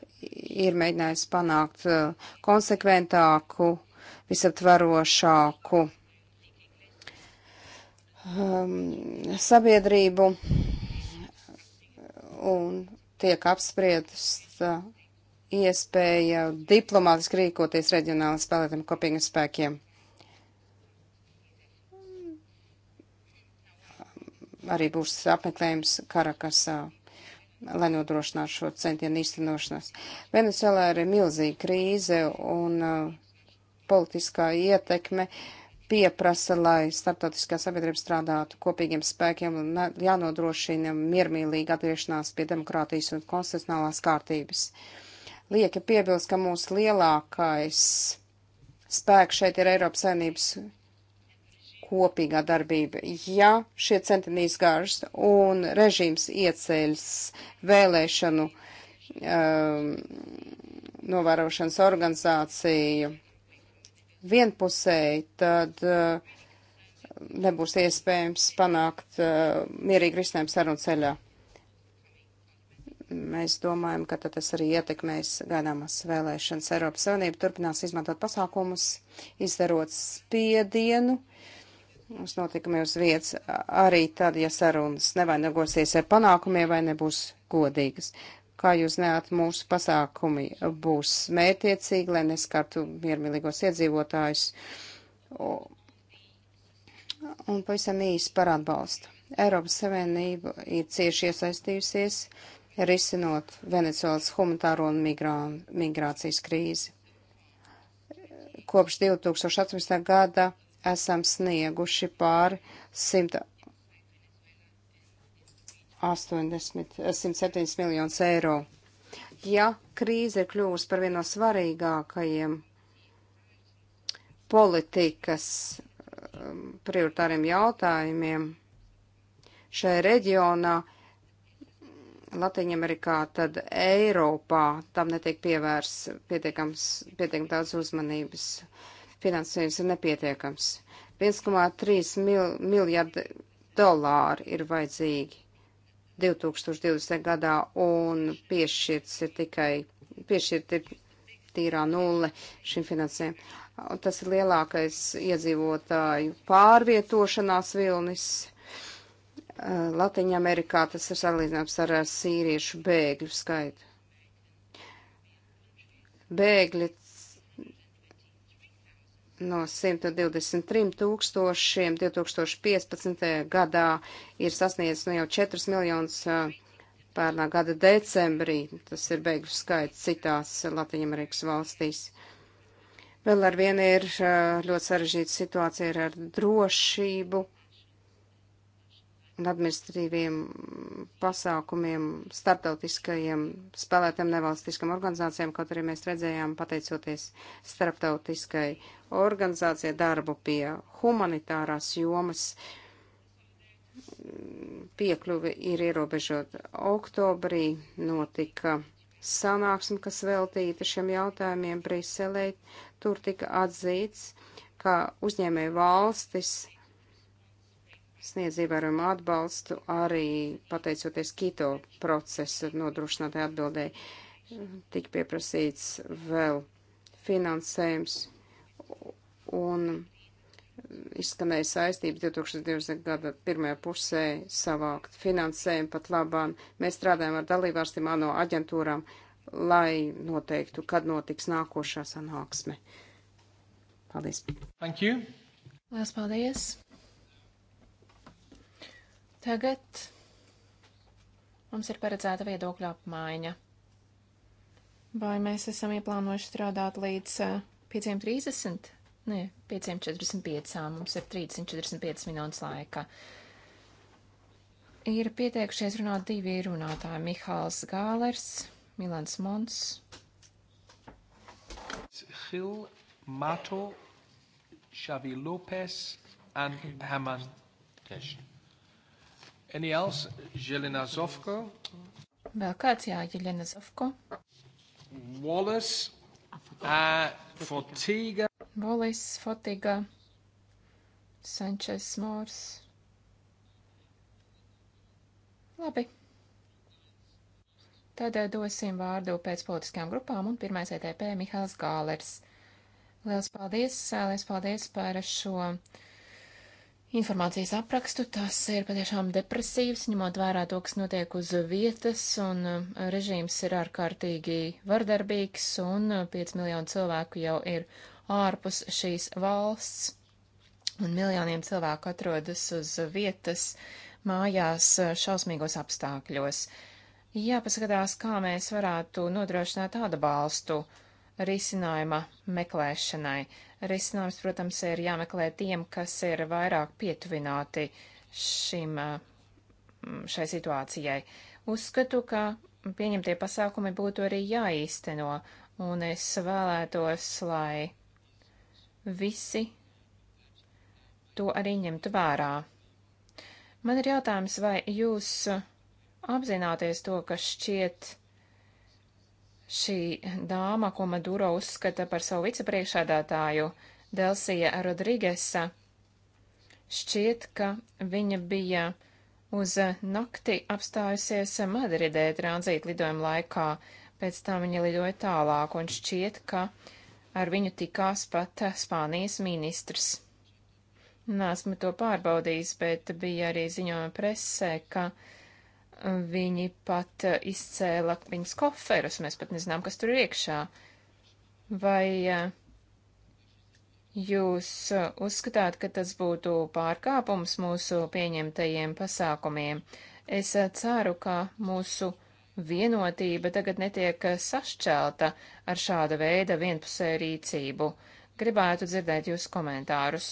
ir mēģinājusi panākt uh, konsekventāku, visaptvarošāku um, sabiedrību un tiek apspriedus uh, iespēja diplomātiski rīkoties reģionālas palietam kopīgiem spēkiem. arī būs apmeklējums Karakasā, lai nodrošinātu šo centienu īstenošanas. Venecijā ir milzīga krīze un uh, politiskā ietekme pieprasa, lai starptautiskā sabiedrība strādātu kopīgiem spēkiem un jānodrošina miermīlīga atgriešanās pie demokrātijas un konstitucionālās kārtības. Lieka piebilst, ka mūsu lielākais spēks šeit ir Eiropas saimnības kopīgā darbība. Ja šie centieni izgāžas un režīms ieceļas vēlēšanu um, novērošanas organizāciju vienpusēji, tad uh, nebūs iespējams panākt uh, mierīgu risinājumu sarunu ceļā. Mēs domājam, ka tas arī ietekmēs gaidāmas vēlēšanas. Eiropas Savienība turpinās izmantot pasākumus, izdarot spiedienu. Uh, uz notikumiem uz vietas, arī tad, ja sarunas nevainagosies ar panākumiem vai nebūs godīgas. Kā jūs neat, mūsu pasākumi būs mērtiecīgi, lai neskartu miermīlīgos iedzīvotājus. Un pavisam īsi par atbalstu. Eiropas Savienība ir cieši iesaistījusies risinot Venecuēlas humanitāro un migrā, migrācijas krīzi. Kopš 2018. gada esam snieguši pār 100. 80, 107 miljonus eiro. Ja krīze ir kļuvusi par vienu no svarīgākajiem politikas um, prioritāriem jautājumiem šajā reģionā, Latvijā-Amerikā, tad Eiropā tam netiek pievērs pietiekams, pietiekam daudz uzmanības. Uh, finansējums ir nepietiekams. 1,3 mil, miljardi dolāri ir vajadzīgi 2020. gadā un piešķirts ir tikai, piešķirt ir tīrā nulle šim finansējumam. Tas ir lielākais iedzīvotāju pārvietošanās vilnis. Eh, Latvijā, Amerikā tas ir salīdzināms ar sīriešu bēgļu skaitu. Bēgļi no 123 tūkstošiem 2015. gadā ir sasniedzis no nu jau 4 miljonus pērnā gada decembrī. Tas ir beigu skaits citās Latvijas valstīs. Vēl ar vienu ir ļoti sarežģīta situācija ar drošību un administratīviem pasākumiem starptautiskajiem spēlētiem nevalstiskam organizācijām, kaut arī mēs redzējām, pateicoties starptautiskai organizācijai darbu pie humanitārās jomas, piekļuvi ir ierobežot. Oktobrī notika sanāksme, kas veltīta šiem jautājumiem Briselē. Tur tika atzīts, ka uzņēmē valstis sniedz ievērojumu atbalstu arī pateicoties Kito procesu nodrošinātai atbildēji. Tik pieprasīts vēl finansējums un izskanēja saistības 2020. gada pirmajā pusē savākt finansējumu pat labāk. Mēs strādājam ar dalībvalstīm, ANO aģentūrām, lai noteiktu, kad notiks nākošā sanāksme. Paldies. Thank you. Lielas paldies. Tagad mums ir paredzēta viedokļa apmaiņa. Vai mēs esam ieplānojuši strādāt līdz 5.30? Eh, Nē, 5.45. Mums ir 30-45 minūtes laika. Ir pieteikušies runāt divi runātāji - Mihāls Gālers, Milans Mons. Hill, Mato, Xavi Lopes and Haman Tesh. Mm -hmm. Any else? Jelena Zovko. Vēl kāds? Jā, Jelena Zovko. Wallace. Uh, Fotiga. Wallace, Fotiga. Sančes Mors. Labi. Tad eh, dosim vārdu pēc politiskajām grupām, un pirmais ETP Mihāls Gālers. Liels paldies, eh, liels paldies par šo informācijas aprakstu. Tas ir patiešām depresīvs, ņemot vērā to, kas notiek uz vietas, un uh, režīms ir ārkārtīgi vardarbīgs, un 5 uh, miljonu cilvēku jau ir ārpus šīs valsts, un miljoniem cilvēku atrodas uz vietas mājās uh, šausmīgos apstākļos. Jāpaskatās, kā mēs varētu nodrošināt atbalstu risinājuma meklēšanai. Risinājums, protams, ir jāmeklē tiem, kas ir vairāk pietuvināti šim, mm, šai situācijai. Uzskatu, ka pieņemtie pasākumi būtu arī jāīsteno, un es vēlētos, lai visi to arī ņemtu vērā. Man ir jautājums, vai jūs apzināties to, ka šķiet, Šī dāma, ko Maduro uzskata par savu vicepriekšādātāju, Delsija Rodrigesa, šķiet, ka viņa bija uz nakti apstājusies Madridē tranzīta lidojuma laikā, pēc tam viņa lidoja tālāk, un šķiet, ka ar viņu tikās pat Spānijas ministrs. Nāsmu to pārbaudījis, bet bija arī ziņojumi presē, ka uh, Viņi pat eh, izcēla viņas koferus, mēs pat nezinām, kas tur ir iekšā. Vai eh, jūs eh, uzskatāt, ka tas būtu pārkāpums mūsu pieņemtajiem pasākumiem? Es ceru, ka mūsu vienotība tagad netiek sašķelta ar šāda veida vienpusēju rīcību. Gribētu dzirdēt jūsu komentārus.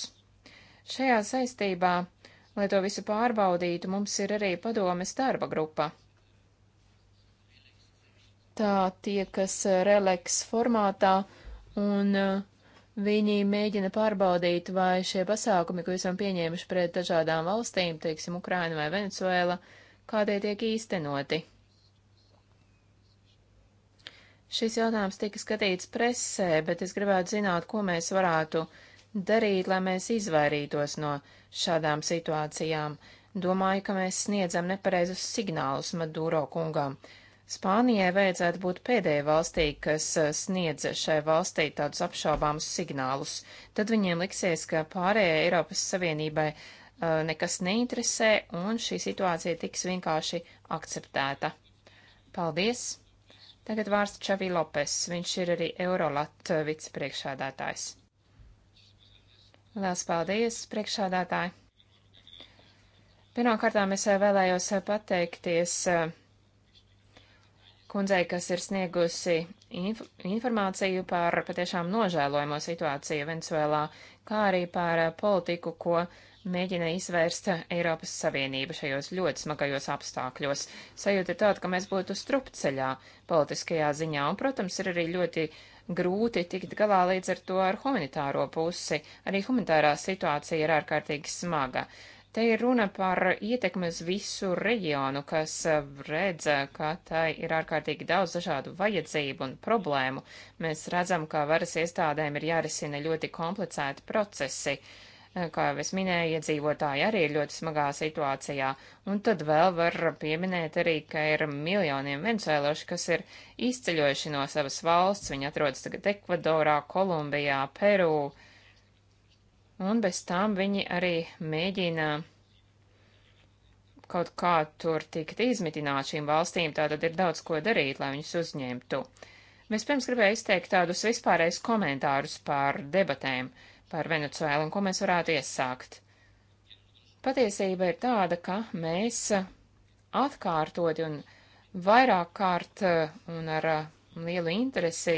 Šajā saistībā Lai to visu pārbaudītu, mums ir arī padomes darba grupa. Tā tiekas releks formātā un uh, viņi mēģina pārbaudīt, vai šie pasākumi, ko esam pieņēmuši pret dažādām valstīm, teiksim, Ukraina vai Venecuēla, kā tie tiek īstenoti. Šis jautājums tika skatīts presē, bet es gribētu zināt, ko mēs varētu uh, darīt, lai mēs izvairītos no šādām situācijām? Domāju, ka mēs sniedzam nepareizus signālus Maduro kungam. Spānijai vajadzētu būt pēdējai valstī, kas eh, sniedz šai valstī tādus apšaubāmus signālus. Tad viņiem liksies, ka pārējai Eiropas Savienībai uh, nekas neinteresē un šī situācija tiks vienkārši akceptēta. Paldies! Tagad vārds Čavī Lopes, viņš ir arī Eurolat eh, vicepriekšādātājs. Lielas paldies, priekšādātāji! Pirmkārtām es eh, vēlējos eh, pateikties eh, kundzei, kas ir sniegusi inf informāciju par patiešām nožēlojamo situāciju Venezuelā, kā arī par politiku, ko mēģina izvērst Eiropas Savienība šajos ļoti smagajos apstākļos. Sajūta ir tāda, ka mēs būtu strupceļā politiskajā ziņā, un, protams, ir arī ļoti grūti tikt galā līdz ar to ar humanitāro pusi. Arī humanitārā situācija ir ārkārtīgi smaga. Te ir runa par ietekmes visu reģionu, kas eh, redz, eh, ka tai ir ārkārtīgi daudz dažādu vajadzību un problēmu. Mēs redzam, ka varas iestādēm ir jārisina ļoti komplicēti procesi. Uh, kā jau es minēju, iedzīvotāji arī ir ļoti smagā situācijā. Un tad vēl var pieminēt arī, ka ir miljoniem venecuēloši, kas ir izceļojuši no savas valsts. Viņi atrodas tagad Ekvadorā, Kolumbijā, Peru. Un bez tām viņi arī mēģina kaut kā tur tikt izmitināt šīm valstīm, tātad ir daudz ko darīt, lai viņus uzņemtu. Vispirms gribēju izteikt tādus vispārējus komentārus par debatēm. Uh, par Venecuēlu un ko mēs varētu iesākt. Patiesība ir tāda, ka mēs atkārtoti un vairāk kārt eh, un ar eh, lielu interesi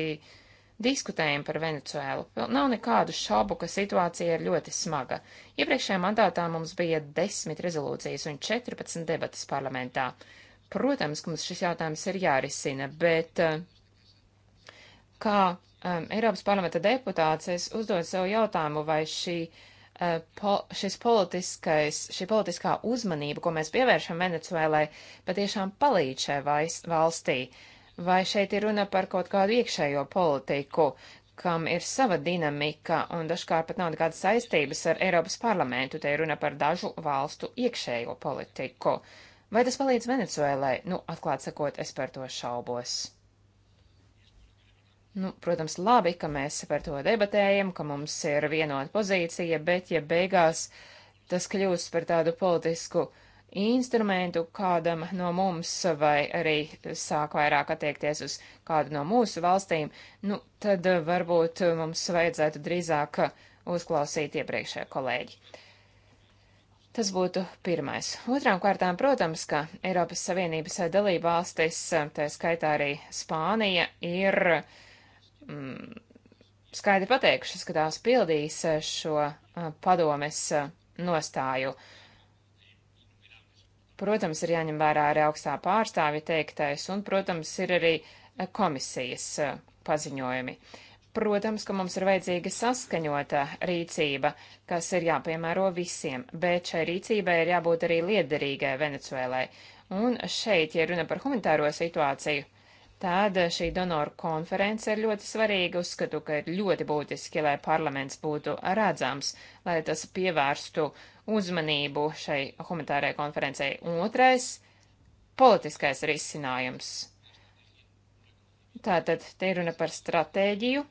diskutējam par Venecuēlu. Nav nekādu šaubu, ka situācija ir ļoti smaga. Iepriekšējā mandātā mums bija 10 rezolūcijas un 14 debatas parlamentā. Protams, ka mums šis jautājums ir jārisina, bet eh, kā um, Eiropas parlamenta deputāts, es uzdodu sev jautājumu, vai šī, uh, po, šis politiskais, šī politiskā uzmanība, ko mēs pievēršam Venecuēlai, patiešām palīdz šai valstī. Vai šeit ir runa par kaut kādu iekšējo politiku, kam ir sava dinamika un dažkārt pat nav nekādas saistības ar Eiropas parlamentu, te ir runa par dažu valstu iekšējo politiku. Vai tas palīdz Venecuēlai? Nu, atklāt sakot, es par to šaubos. Nu, protams, labi, ka mēs par to debatējam, ka mums ir vienota pozīcija, bet ja beigās tas kļūst par tādu politisku instrumentu kādam no mums vai arī sāk vairāk attiekties uz kādu no mūsu valstīm, nu, tad eh, varbūt mums vajadzētu drīzāk eh, uzklausīt iepriekšējo kolēģi. Tas būtu pirmais. Otrām kārtām, protams, ka Eiropas Savienības dalība valstis, eh, tā skaitā arī Spānija, ir uh, mm, skaidri pateikušas, ka tās pildīs eh, šo eh, padomes eh, nostāju. Protams, ir jāņem vērā arī augstā pārstāvi teiktais, un, protams, ir arī komisijas paziņojumi. Protams, ka mums ir vajadzīga saskaņota rīcība, kas ir jāpiemēro visiem, bet šai rīcībai ir jābūt arī liederīgai Venecuēlai. Un šeit, ja runa par humanitāro situāciju, Tāda eh, šī donoru konference ir ļoti svarīga. Uzskatu, ka ir ļoti būtiski, lai parlaments būtu redzams, lai tas pievērstu uzmanību šai humanitārai konferencei. Un otrais - politiskais risinājums. Tātad te ir runa par stratēģiju,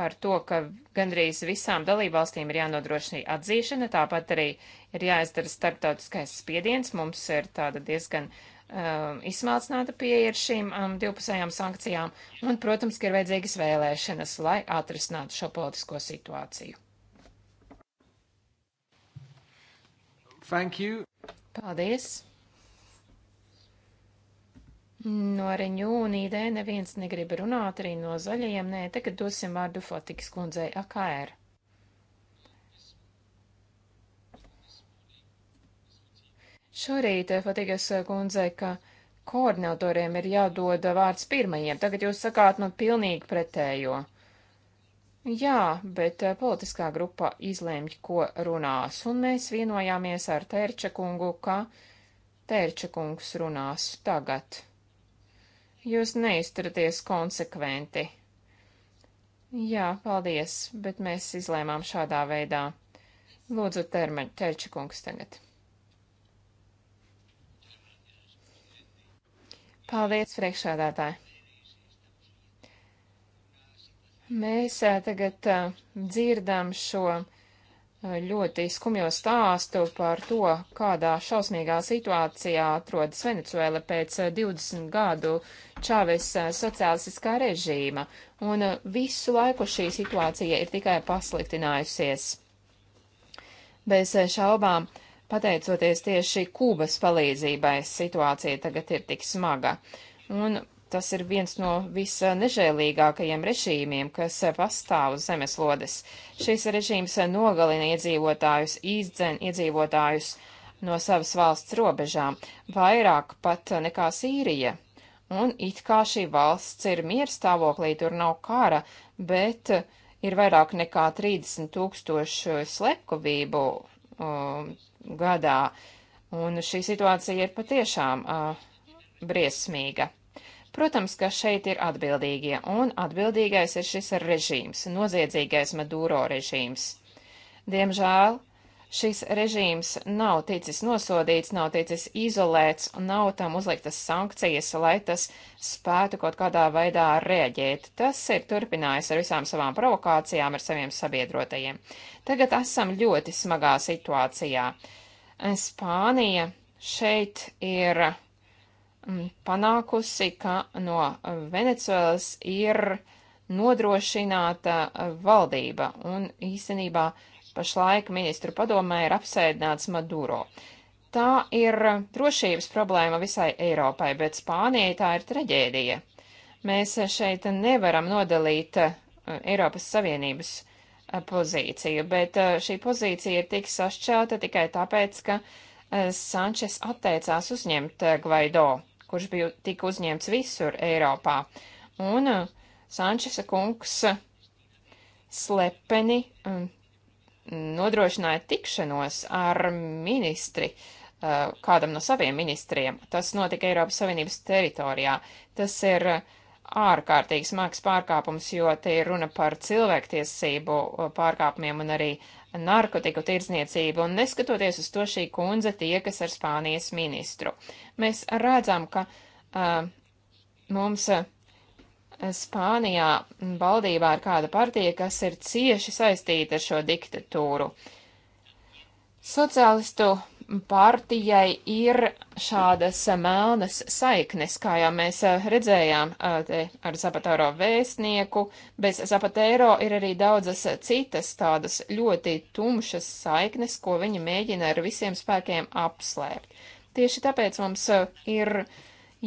par to, ka gandrīz visām dalībvalstīm ir jānodrošina atzīšana, tāpat arī ir jāizdara starptautiskais spiediens. Mums ir tāda diezgan um, izsmalcināta pieeja ar šīm um, divpusējām sankcijām, un, protams, ka ir vajadzīgas vēlēšanas, lai atrisinātu šo politisko situāciju. Thank you. Paldies! No Riņu un ID neviens negrib runāt, arī no zaļajiem nē. Tagad dosim vārdu Fotikas kundzei AKR. Šorīt eh, Fatigas eh, kundzei, ka koordinatoriem ir jādod eh, vārds pirmajiem. Tagad jūs sakāt, nu, pilnīgi pretējo. Jā, bet politiskā grupa izlēmj, ko runās, un mēs vienojāmies ar Tērča kungu, ka Tērča kungs runās tagad. Jūs neizturaties konsekventi. Jā, paldies, bet mēs izlēmām šādā veidā. Lūdzu, terme, terčikungs tagad. Paldies, priekšsēdētāji! Mēs eh, tagad eh, dzirdam šo eh, ļoti skumjo stāstu par to, kādā šausmīgā situācijā atrodas Venecuēla pēc 20 gadu Čāves sociālistiskā režīma, un visu laiku šī situācija ir tikai pasliktinājusies. Bez šaubām Pateicoties tieši Kūbas palīdzībai, situācija tagad ir tik smaga. Un tas ir viens no visnežēlīgākajiem režīmiem, kas pastāv uz zemeslodes. Šis režīms nogalina iedzīvotājus, izdzen iedzīvotājus no savas valsts robežām, vairāk pat nekā Sīrija. Un it kā šī valsts ir mierstāvoklī, tur nav kara, bet ir vairāk nekā 30 tūkstošu slepkavību um, gadā. Un šī situācija ir patiešām uh, briesmīga. Protams, ka šeit ir atbildīgie, un atbildīgais ir šis režīms, noziedzīgais Maduro režīms. Diemžēl Šis režīms nav ticis nosodīts, nav ticis izolēts un nav tam uzliktas sankcijas, lai tas spētu kaut kādā veidā reaģēt. Tas ir turpinājis ar visām savām provokācijām, ar saviem sabiedrotajiem. Tagad esam ļoti smagā situācijā. Spānija šeit ir mm, panākusi, ka no Venecuēlas ir nodrošināta valdība un īstenībā pašlaik ministru padomē ir apsēdināts Maduro. Tā ir drošības problēma visai Eiropai, bet Spānijai tā ir traģēdija. Mēs šeit nevaram nodalīt eh, Eiropas Savienības eh, pozīciju, bet eh, šī pozīcija ir tik sašķelta tikai tāpēc, ka Sančes atteicās uzņemt Gvaido, kurš bija tik uzņemts visur Eiropā. Un Sančesa kungs slepeni mm, nodrošināja tikšanos ar ministri, eh, kādam no saviem ministriem. Tas notika Eiropas Savienības teritorijā. Tas ir ārkārtīgi smags pārkāpums, jo te ir runa par cilvēktiesību eh, pārkāpumiem un arī narkotiku tirdzniecību, un neskatoties uz to šī kundze tiekas ar Spānijas ministru. Mēs redzam, ka uh, mums uh, Spānijā valdībā ir kāda partija, kas ir cieši saistīta ar šo diktatūru. Sociālistu partijai ir šādas melnas saiknes, kā jau mēs eh, redzējām eh, te ar Zapatero vēstnieku. Bez Zapatero ir arī daudzas citas tādas ļoti tumšas saiknes, ko viņi mēģina ar visiem spēkiem apslēpt. Tieši tāpēc mums eh, ir uh,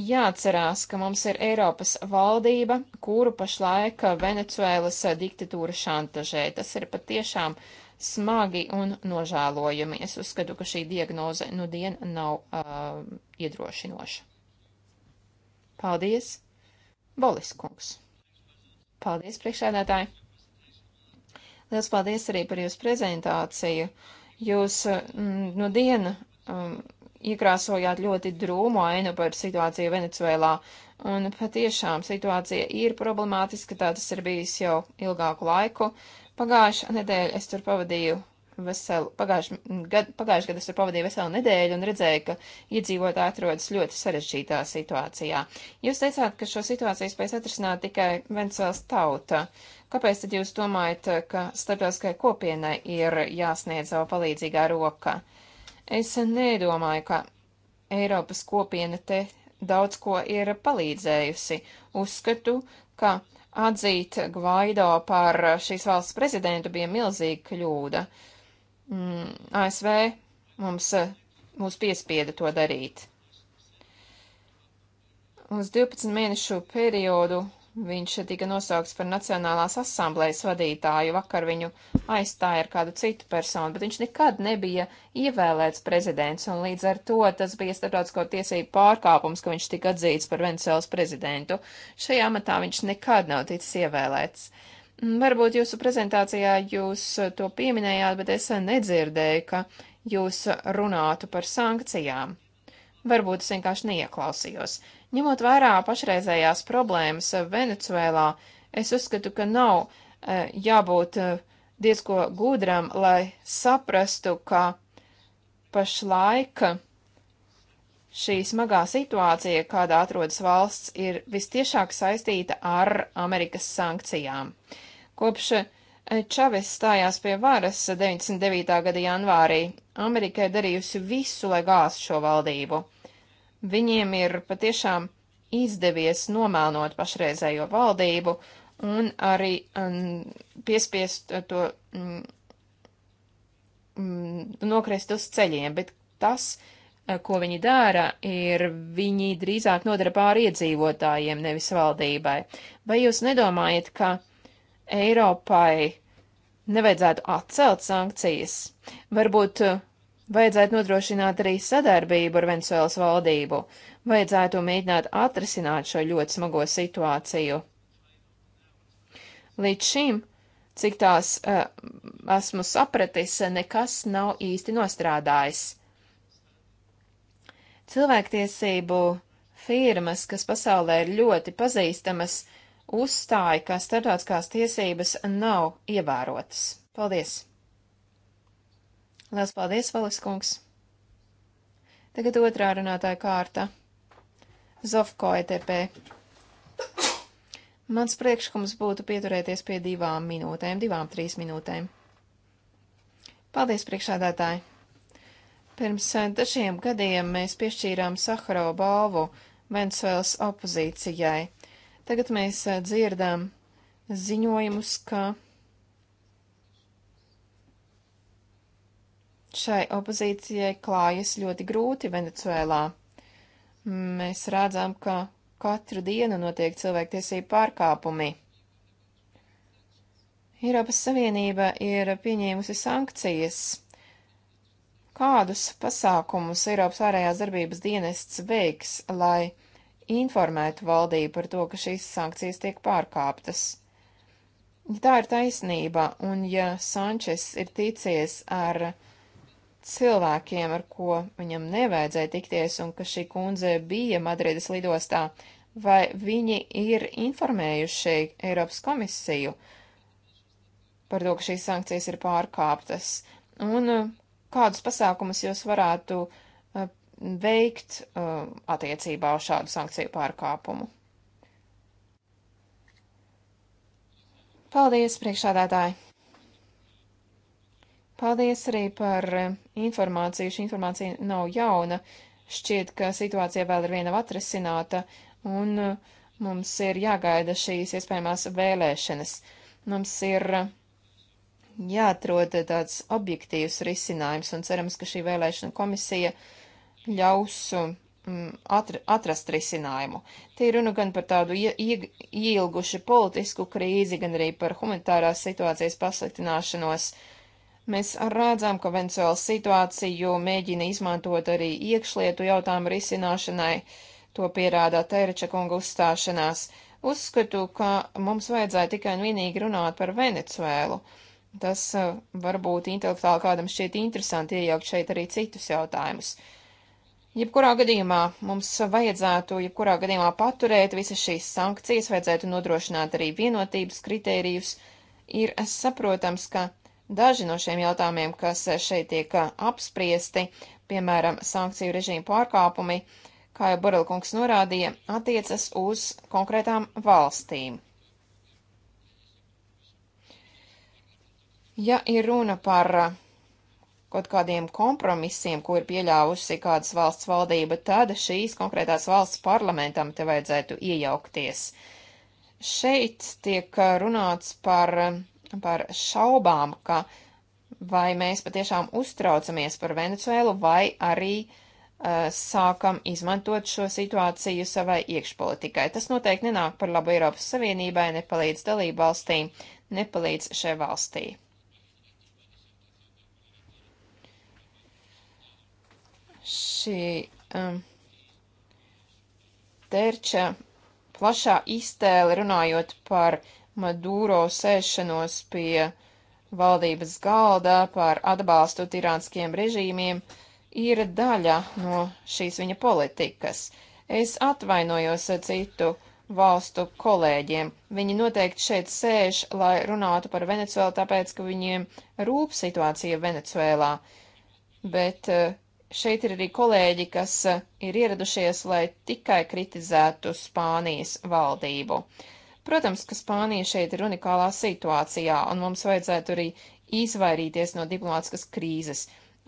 Jāatcerās, ka mums ir Eiropas valdība, kuru pašlaik Venecuēlas diktatūra šantažē. Tas ir patiešām smagi un nožēlojami. Es uzskatu, ka šī diagnoze nu dien nav uh, iedrošinoša. Paldies, Bolis kungs. Paldies, priekšēdētāji. Liels paldies arī par jūsu prezentāciju. Jūs mm, nu dienu um, iekrāsojāt ļoti drūmo ainu par situāciju Venecuēlā. Un patiešām situācija ir problemātiska, tā tas ir bijis jau ilgāku laiku. Pagājušā nedēļa es tur pavadīju veselu, pagājuši, gad, pagājuši gadu es tur pavadīju veselu nedēļu un redzēju, ka iedzīvotāji atrodas ļoti sarežģītā situācijā. Jūs teicāt, ka šo situāciju spēs atrisināt tikai Venecuēlas tauta. Kāpēc tad jūs domājat, ka starptautiskai kopienai ir jāsniedz savu palīdzīgā roka? Uh, Es nedomāju, ka Eiropas kopiena te daudz ko ir palīdzējusi. Uzskatu, ka atzīt Gvaido par šīs valsts prezidentu bija milzīga kļūda. Mm, ASV mums, mums piespieda to darīt. Uz 12 mēnešu periodu Viņš tika nosaukts par Nacionālās asamblējas vadītāju, vakar viņu aizstāja ar kādu citu personu, bet viņš nekad nebija ievēlēts prezidents, un līdz ar to tas bija starptautisko tiesību pārkāpums, ka viņš tika atzīts par Venecēlas prezidentu. Šajā amatā viņš nekad nav ticis ievēlēts. Varbūt jūsu prezentācijā jūs to pieminējāt, bet es nedzirdēju, ka jūs runātu par sankcijām. Varbūt es vienkārši neieklausījos. Ņemot vērā pašreizējās problēmas Venecuēlā, es uzskatu, ka nav e, jābūt e, diezko gudram, lai saprastu, ka pašlaik šī smagā situācija, kādā atrodas valsts, ir vistiešāk saistīta ar Amerikas sankcijām. Kopš e, Čavis stājās pie varas 99. gada janvārī. Amerika ir darījusi visu, lai gāz šo valdību. Viņiem ir patiešām izdevies nomēnot pašreizējo valdību un arī um, piespiest to um, nokrist uz ceļiem, bet tas, eh, ko viņi dara, ir viņi drīzāk nodara pāri iedzīvotājiem, nevis valdībai. Vai jūs nedomājat, ka Eiropai nevajadzētu atcelt sankcijas? Varbūt eh, Vajadzētu nodrošināt arī sadarbību ar Venecuēlas valdību. Vajadzētu mēģināt atrisināt šo ļoti smago situāciju. Līdz šim, cik tās uh, esmu sapratis, nekas nav īsti nostrādājis. Cilvēktiesību firmas, kas pasaulē ir ļoti pazīstamas, uzstāja, ka starptautiskās tiesības nav ievērotas. Paldies! Lielas paldies, Valis kungs! Tagad otrā runātāja kārta. Zofko ETP. Mans priekšlikums būtu pieturēties pie divām minūtēm, divām, trīs minūtēm. Paldies, priekšādātāji! Pirms eh, dažiem gadiem mēs piešķīrām Saharo balvu Venecuēlas opozīcijai. Tagad mēs eh, dzirdam ziņojumus, ka Šai opozīcijai klājas ļoti grūti Venecuēlā. Mēs redzam, ka katru dienu notiek cilvēktiesību pārkāpumi. Eiropas Savienība ir pieņēmusi sankcijas. Kādus pasākumus Eiropas ārējās darbības dienests veiks, lai informētu valdību par to, ka šīs sankcijas tiek pārkāptas? Ja tā ir taisnība, un ja Sančes ir ticies ar uh, cilvēkiem, ar ko viņam nevajadzēja tikties un ka šī kundze bija Madrides lidostā, vai viņi ir informējuši Eiropas komisiju par to, ka šīs sankcijas ir pārkāptas, un uh, kādus pasākumus jūs varētu uh, veikt uh, attiecībā uz šādu sankciju pārkāpumu. Paldies, priekšādātāji! Paldies arī par eh, informāciju. Šī informācija nav jauna. Šķiet, ka situācija vēl ir viena atrisināta, un eh, mums ir jāgaida šīs iespējamās vēlēšanas. Mums ir eh, jāatrod tāds objektīvs risinājums, un cerams, ka šī vēlēšana komisija ļaus mm, atr atrast risinājumu. Te ir runa gan par tādu ielguši politisku krīzi, gan arī par humanitārās situācijas pasliktināšanos. Uh, Mēs redzam, ka Venecuēlas situāciju mēģina izmantot arī iekšlietu jautājumu risināšanai, to pierāda Tēreča kunga uzstāšanās. Uzskatu, ka mums vajadzēja tikai un vienīgi runāt par Venecuēlu. Tas eh, varbūt intelektuāli kādam šķiet interesanti iejaukt šeit arī citus jautājumus. Jebkurā gadījumā mums vajadzētu, jebkurā gadījumā paturēt visas šīs sankcijas, vajadzētu nodrošināt arī vienotības kritērijus. Ir saprotams, ka Daži no šiem jautājumiem, kas šeit tiek apspriesti, piemēram, sankciju režīmu pārkāpumi, kā jau Borelkungs norādīja, attiecas uz konkrētām valstīm. Ja ir runa par kaut kādiem kompromisiem, ko ir pieļāvusi kādas valsts valdība, tad šīs konkrētās valsts parlamentam te vajadzētu iejaukties. Šeit tiek runāts par par šaubām, ka vai mēs patiešām uztraucamies par Venecuēlu vai arī uh, sākam izmantot šo situāciju savai iekšpolitikai. Tas noteikti nenāk par labu Eiropas Savienībai, nepalīdz dalību valstīm, nepalīdz šai valstī. šī um, terča plašā iztēle runājot par Maduro sēšanos pie valdības galda par atbalstu tirānskiem režīmiem ir daļa no šīs viņa politikas. Es atvainojos citu valstu kolēģiem. Viņi noteikti šeit sēž, lai runātu par Venecuēlu, tāpēc, ka viņiem rūp situācija Venecuēlā. Bet eh, šeit ir arī kolēģi, kas eh, ir ieradušies, lai tikai kritizētu Spānijas valdību. Uh, Protams, ka Spānija šeit ir unikālā situācijā, un mums vajadzētu arī izvairīties no diplomātiskas krīzes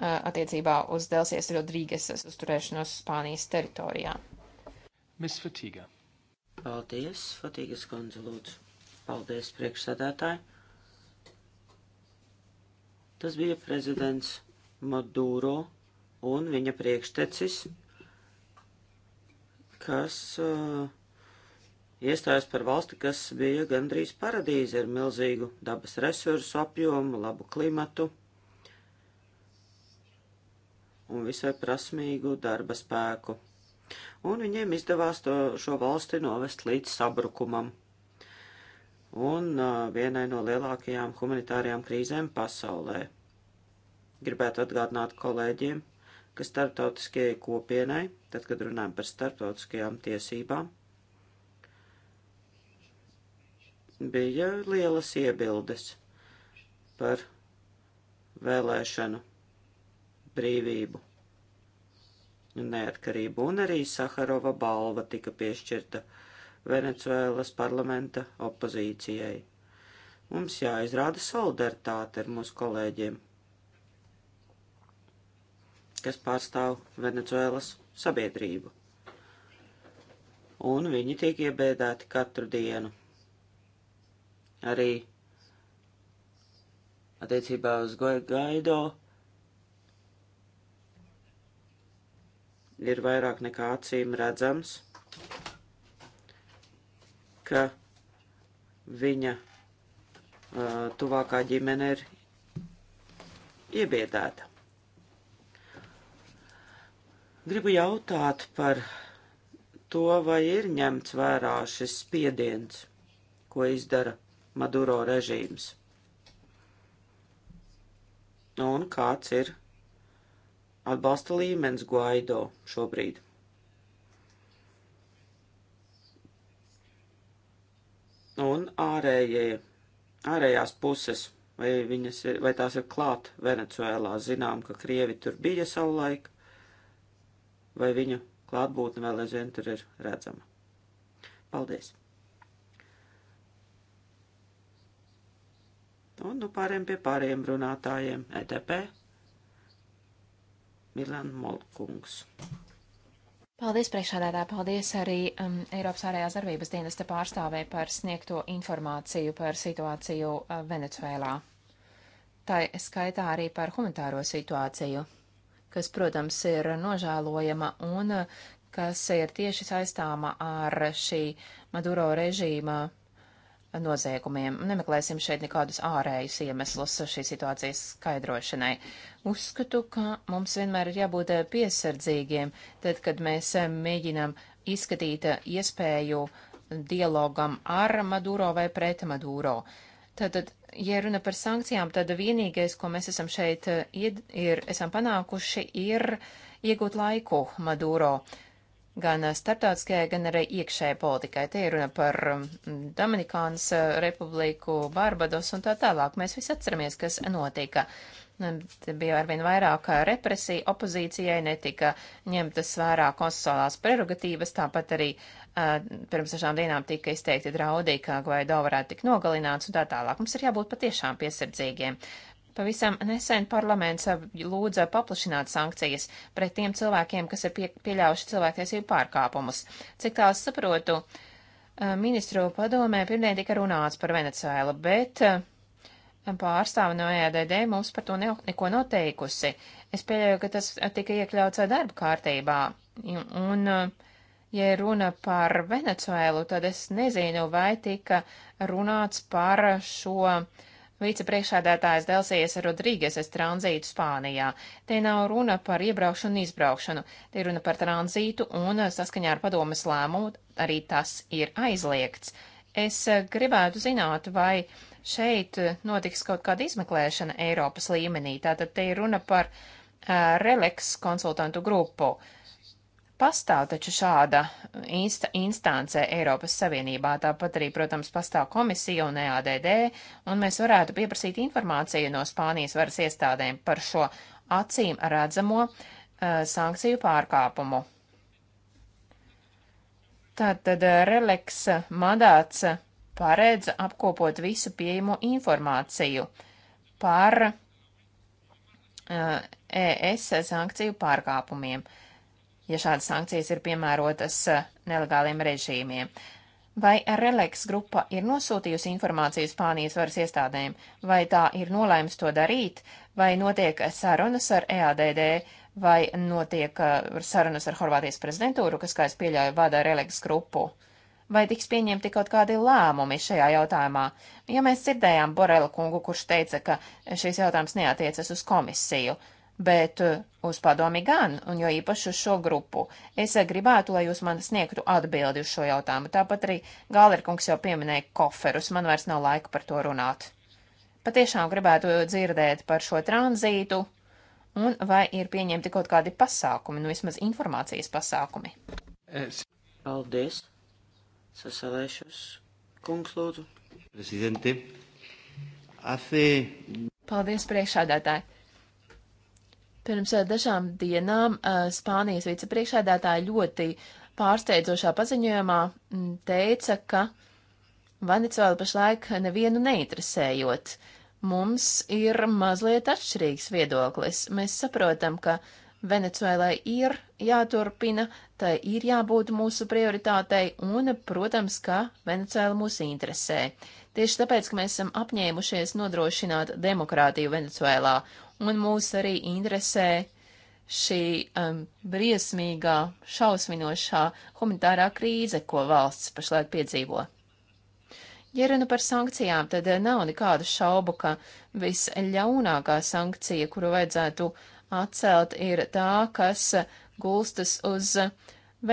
attiecībā uz Delsies Rodrīgeses uzturēšanos Spānijas teritorijā. Mēs Fatīga. Paldies, Fatīgas kundze, lūdzu. Paldies, priekšsēdētāji. Tas bija prezidents Maduro un viņa priekštecis, kas uh, iestājas par valsti, kas bija gandrīz paradīze ar milzīgu dabas resursu apjomu, labu klimatu un visai prasmīgu darba spēku. Un viņiem izdevās to, šo valsti novest līdz sabrukumam un uh, vienai no lielākajām humanitārajām krīzēm pasaulē. Gribētu atgādināt kolēģiem, ka starptautiskajai kopienai, tad, kad runājam par starptautiskajām tiesībām, bija lielas iebildes par vēlēšanu brīvību un neatkarību, un arī Saharova balva tika piešķirta Venecuēlas parlamenta opozīcijai. Mums jāizrāda solidaritāte ar mūsu kolēģiem, kas pārstāv Venecuēlas sabiedrību. Un viņi tiek iebēdēti katru dienu Arī attiecībā uz Gaido ir vairāk nekā acīm redzams, ka viņa uh, tuvākā ģimene ir iebiedēta. Gribu jautāt par to, vai ir ņemts vērā šis spiediens, ko izdara Maduro režīms. Un kāds ir atbalsta līmenis Guaido šobrīd? Un ārējie, ārējās puses, vai, viņas ir, vai tās ir klāt Venecuēlā, zinām, ka Krievi tur bija savulaik, vai viņu klātbūtne vēl aizvien tur ir redzama. Paldies! Un nu, nu pāriem pie pāriem runātājiem ETP. Milan Molkungs. Paldies priekšādātā, paldies arī um, Eiropas ārējās darbības dienesta pārstāvē par sniegto informāciju par situāciju uh, Venecuēlā. Tā skaitā arī par humanitāro situāciju, kas, protams, ir nožēlojama un uh, kas ir tieši saistāma ar šī Maduro režīma noziegumiem. Nemeklēsim šeit nekādus ārējus iemeslus šīs situācijas skaidrošanai. Uzskatu, ka mums vienmēr ir jābūt eh, piesardzīgiem, tad, kad mēs eh, mēģinām izskatīt eh, iespēju dialogam ar Maduro vai pret Maduro. Tātad, ja runa par sankcijām, tad vienīgais, ko mēs esam šeit ied, ir, esam panākuši, ir iegūt laiku Maduro. Uh, gan starptautiskajai, gan arī iekšējai politikai. Te ir runa par um, Dominikānas uh, republiku, Barbados un tā tālāk. Mēs visi atceramies, kas notika. Nu, bija arvien vairāk uh, represija opozīcijai, netika ņemtas vērā konstitucionālās prerogatīvas, tāpat arī uh, pirms dažām dienām tika izteikti draudi, ka Gvaido varētu tik nogalināts un tā tālāk. Mums ir jābūt patiešām piesardzīgiem. Pavisam nesen parlaments uh, lūdza paplašināt sankcijas pret tiem cilvēkiem, kas ir pie, pieļaujuši cilvēktiesību pārkāpumus. Cik tālu saprotu, uh, ministru padomē pirmdien tika runāts par Venecuēlu, bet uh, pārstāve no EADD mums par to ne, neko noteikusi. Es pieļauju, ka tas tika iekļauts darba kārtībā. Un, ja runa par Venecuēlu, tad es nezinu, vai tika runāts par šo Vicepriekšādātājs Delsijas Rodrīgas es tranzītu Spānijā. Te nav runa par iebraukšanu un izbraukšanu, te runa par tranzītu un eh, saskaņā ar padomas lēmumu arī tas ir aizliegts. Es eh, gribētu zināt, vai šeit eh, notiks kaut kāda izmeklēšana Eiropas līmenī. Tātad te ir runa par uh, Relex konsultantu grupu. Uh, Pastāv taču šāda insta instance Eiropas Savienībā, tāpat arī, protams, pastāv komisija un EADD, un mēs varētu pieprasīt informāciju no Spānijas varas iestādēm par šo acīm redzamo uh, sankciju pārkāpumu. Tātad eh, Releks mandāts paredz apkopot visu pieejamo informāciju par uh, eh, ES sankciju pārkāpumiem. Uh, ja šādas sankcijas ir piemērotas eh, nelegāliem režīmiem. Vai Releks grupa ir nosūtījusi informāciju Spānijas varas iestādēm, vai tā ir nolēmusi to darīt, vai notiek sarunas ar EADD, vai notiek eh, sarunas ar Horvātijas prezidentūru, kas, kā es pieļauju, vada Releks grupu? Vai tiks pieņemti kaut kādi lēmumi šajā jautājumā? Ja mēs dzirdējām Borela kungu, kurš teica, ka šis jautājums neatiecas uz komisiju, uh, bet eh, uz padomi gan, un jo īpaši uz šo grupu. Es eh, gribētu, lai jūs man sniegtu atbildi uz šo jautājumu. Tāpat arī Gālerkungs jau pieminēja koferus, man vairs nav laika par to runāt. Patiešām gribētu dzirdēt par šo tranzītu, un vai ir pieņemti kaut kādi pasākumi, nu vismaz informācijas pasākumi. Es. Paldies! Sasalēšos. Kungs, lūdzu. Prezidenti. Afe. Paldies, priekšādātāji. Pirms eh, dažām dienām eh, Spānijas vicepriekšēdētāja ļoti pārsteidzošā paziņojumā mm, teica, ka Venecuēla pašlaik nevienu neinteresējot. Mums ir mazliet atšķirīgs viedoklis. Mēs saprotam, ka Venecuēlai ir jāturpina, tai ir jābūt mūsu prioritātei, un, protams, ka Venecuēla mūs interesē. Tieši tāpēc, ka mēs esam apņēmušies nodrošināt demokrātiju Venecuēlā un mūs arī interesē šī um, briesmīgā, šausminošā humanitārā krīze, ko valsts pašlaik piedzīvo. Ja runa par sankcijām, tad eh, nav nekādu šaubu, ka visļaunākā sankcija, kuru vajadzētu atcelt, ir tā, kas gulstas uz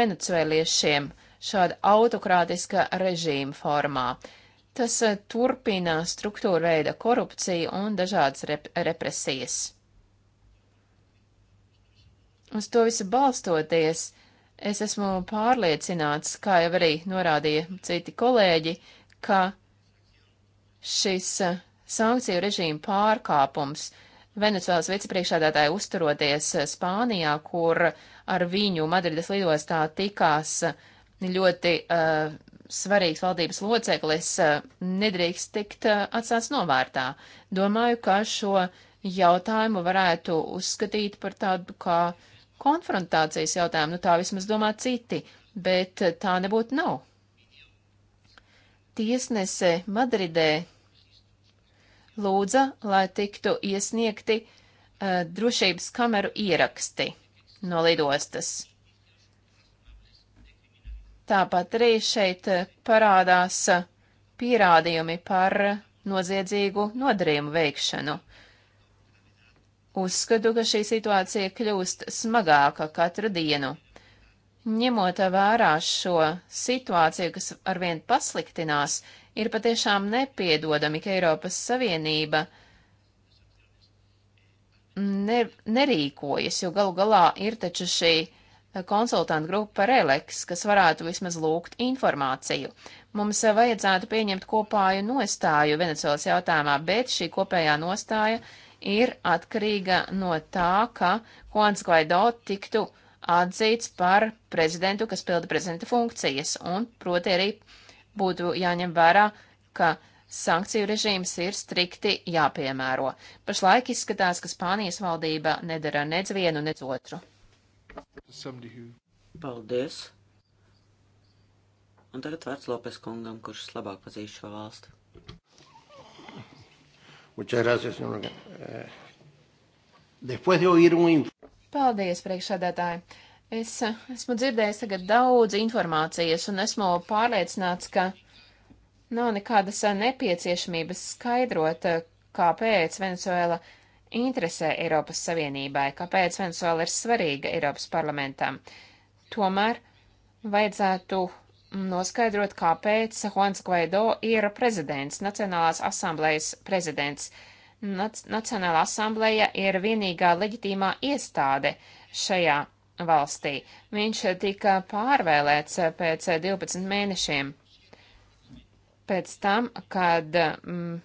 venecuēliešiem šāda autokrātiska režīma formā. Tas eh, turpina struktūra veida korupciju un dažādas rep represijas. Uz to visu balstoties, es esmu pārliecināts, kā jau arī norādīja citi kolēģi, ka šis eh, sankciju režīmu pārkāpums Venecuēlas vicepriekšādātāja uzturoties eh, Spānijā, kur ar viņu Madrides lidostā tikās ļoti uh, svarīgs valdības loceklis eh, nedrīkst tikt eh, atstāts novārtā. Domāju, ka šo jautājumu varētu uzskatīt par tādu kā konfrontācijas jautājumu. Nu, tā vismaz domā citi, bet eh, tā nebūtu nav. Tiesnese Madridē lūdza, lai tiktu iesniegti uh, drošības kameru ieraksti no lidostas. Tāpat arī šeit eh, parādās eh, pierādījumi par noziedzīgu nodarījumu veikšanu. Uzskatu, ka šī situācija kļūst smagāka katru dienu. Ņemot vērā šo situāciju, kas arvien pasliktinās, ir patiešām nepiedodami, ka Eiropas Savienība ne, nerīkojas, jo galu galā ir taču šī konsultantu grupu par Eleks, kas varētu vismaz lūgt informāciju. Mums vajadzētu pieņemt kopāju nostāju Venecijas jautājumā, bet šī kopējā nostāja ir atkarīga no tā, ka Kons Gvaido tiktu atzīts par prezidentu, kas pilda prezidenta funkcijas, un proti arī būtu jāņem vērā, ka sankciju režīms ir strikti jāpiemēro. Pašlaik izskatās, ka Spānijas valdība nedara nec vienu, nec otru. Paldies! Un tagad vērts Lopes kungam, kurš labāk pazīst šo valsti. Eh, Paldies, priekšsēdētāji! Es eh, esmu dzirdējis tagad daudz informācijas un esmu pārliecināts, ka nav nekādas eh, nepieciešamības skaidrot, kāpēc Venezuela ir interesē Eiropas Savienībai, kāpēc Venezuela ir svarīga Eiropas parlamentam. Tomēr vajadzētu noskaidrot, kāpēc Juans Guaido ir prezidents, Nacionālās asamblējas prezidents. Nac Nacionālā asamblēja ir vienīgā leģitīmā iestāde šajā valstī. Viņš tika pārvēlēts pēc 12 mēnešiem. Pēc tam, kad mm,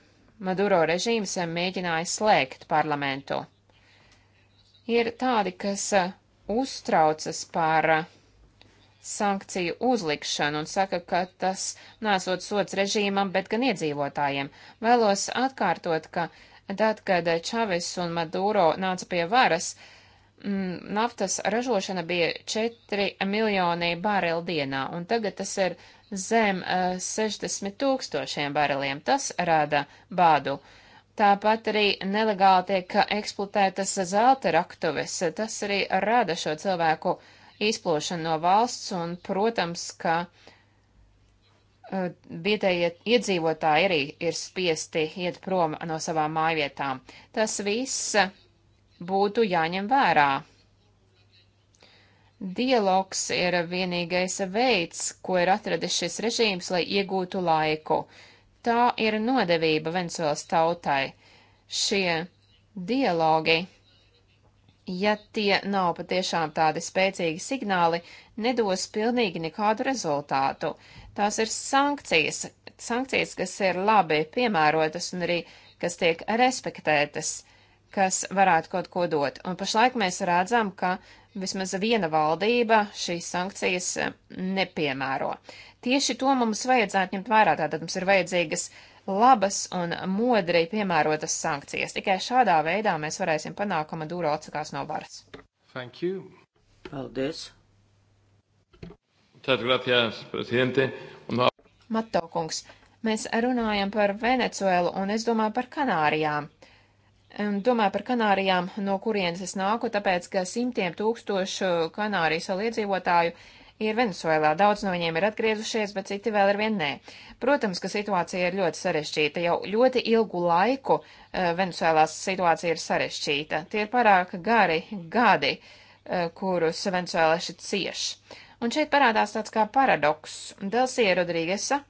Maduro režīms mēģināja slēgt parlamentu. Ir tādi, kas uh, uztraucas par uh, sankciju uzlikšanu un saka, ka tas nesot sots režīmam, bet gan iedzīvotājiem. Vēlos atkārtot, ka tad, kad Čavis un Maduro nāca pie varas, uh, Mm, naftas ražošana bija 4 miljoni barelu dienā, un tagad tas ir zem uh, eh, 60 tūkstošiem bareliem. Tas rada bādu. Tāpat arī nelegāli tiek eksploatētas zelta raktuves. Tas arī rada šo cilvēku izplošanu no valsts, un, protams, ka uh, vietējie iedzīvotāji arī ir spiesti iet prom no savām mājvietām. Tas viss būtu jāņem vērā. Dialogs ir vienīgais veids, ko ir atradis šis režīms, lai iegūtu laiku. Tā ir nodevība Venecuēlas tautai. Šie dialogi, ja tie nav patiešām tādi spēcīgi signāli, nedos pilnīgi nekādu rezultātu. Tās ir sankcijas, sankcijas, kas ir labi piemērotas un arī kas tiek respektētas kas varētu kaut ko dot. Un pašlaik mēs redzam, ka vismaz viena valdība šīs sankcijas eh, nepiemēro. Tieši to mums vajadzētu ņemt vērā, tātad mums ir vajadzīgas labas un modri piemērotas sankcijas. Tikai šādā veidā mēs varēsim panākt, ka Maduro atsakās no varas. Thank you. Paldies. Tad, gracias, presidente. Un... Mato kungs, mēs runājam par Venecuēlu un es domāju par Kanārijām. Domāju par Kanārijām, no kurienes es nāku, tāpēc, ka simtiem tūkstošu Kanārijas iedzīvotāju ir Venezuelā. Daudz no viņiem ir atgriezušies, bet citi vēl ir vien nē. Protams, ka situācija ir ļoti sarežģīta. Jau ļoti ilgu laiku e, Venezuelā situācija ir sarežģīta. Tie ir pārāk gari gadi, e, kurus venezuelieši cieš. Un šeit parādās tāds kā paradoks. Delsija Rodrīgesa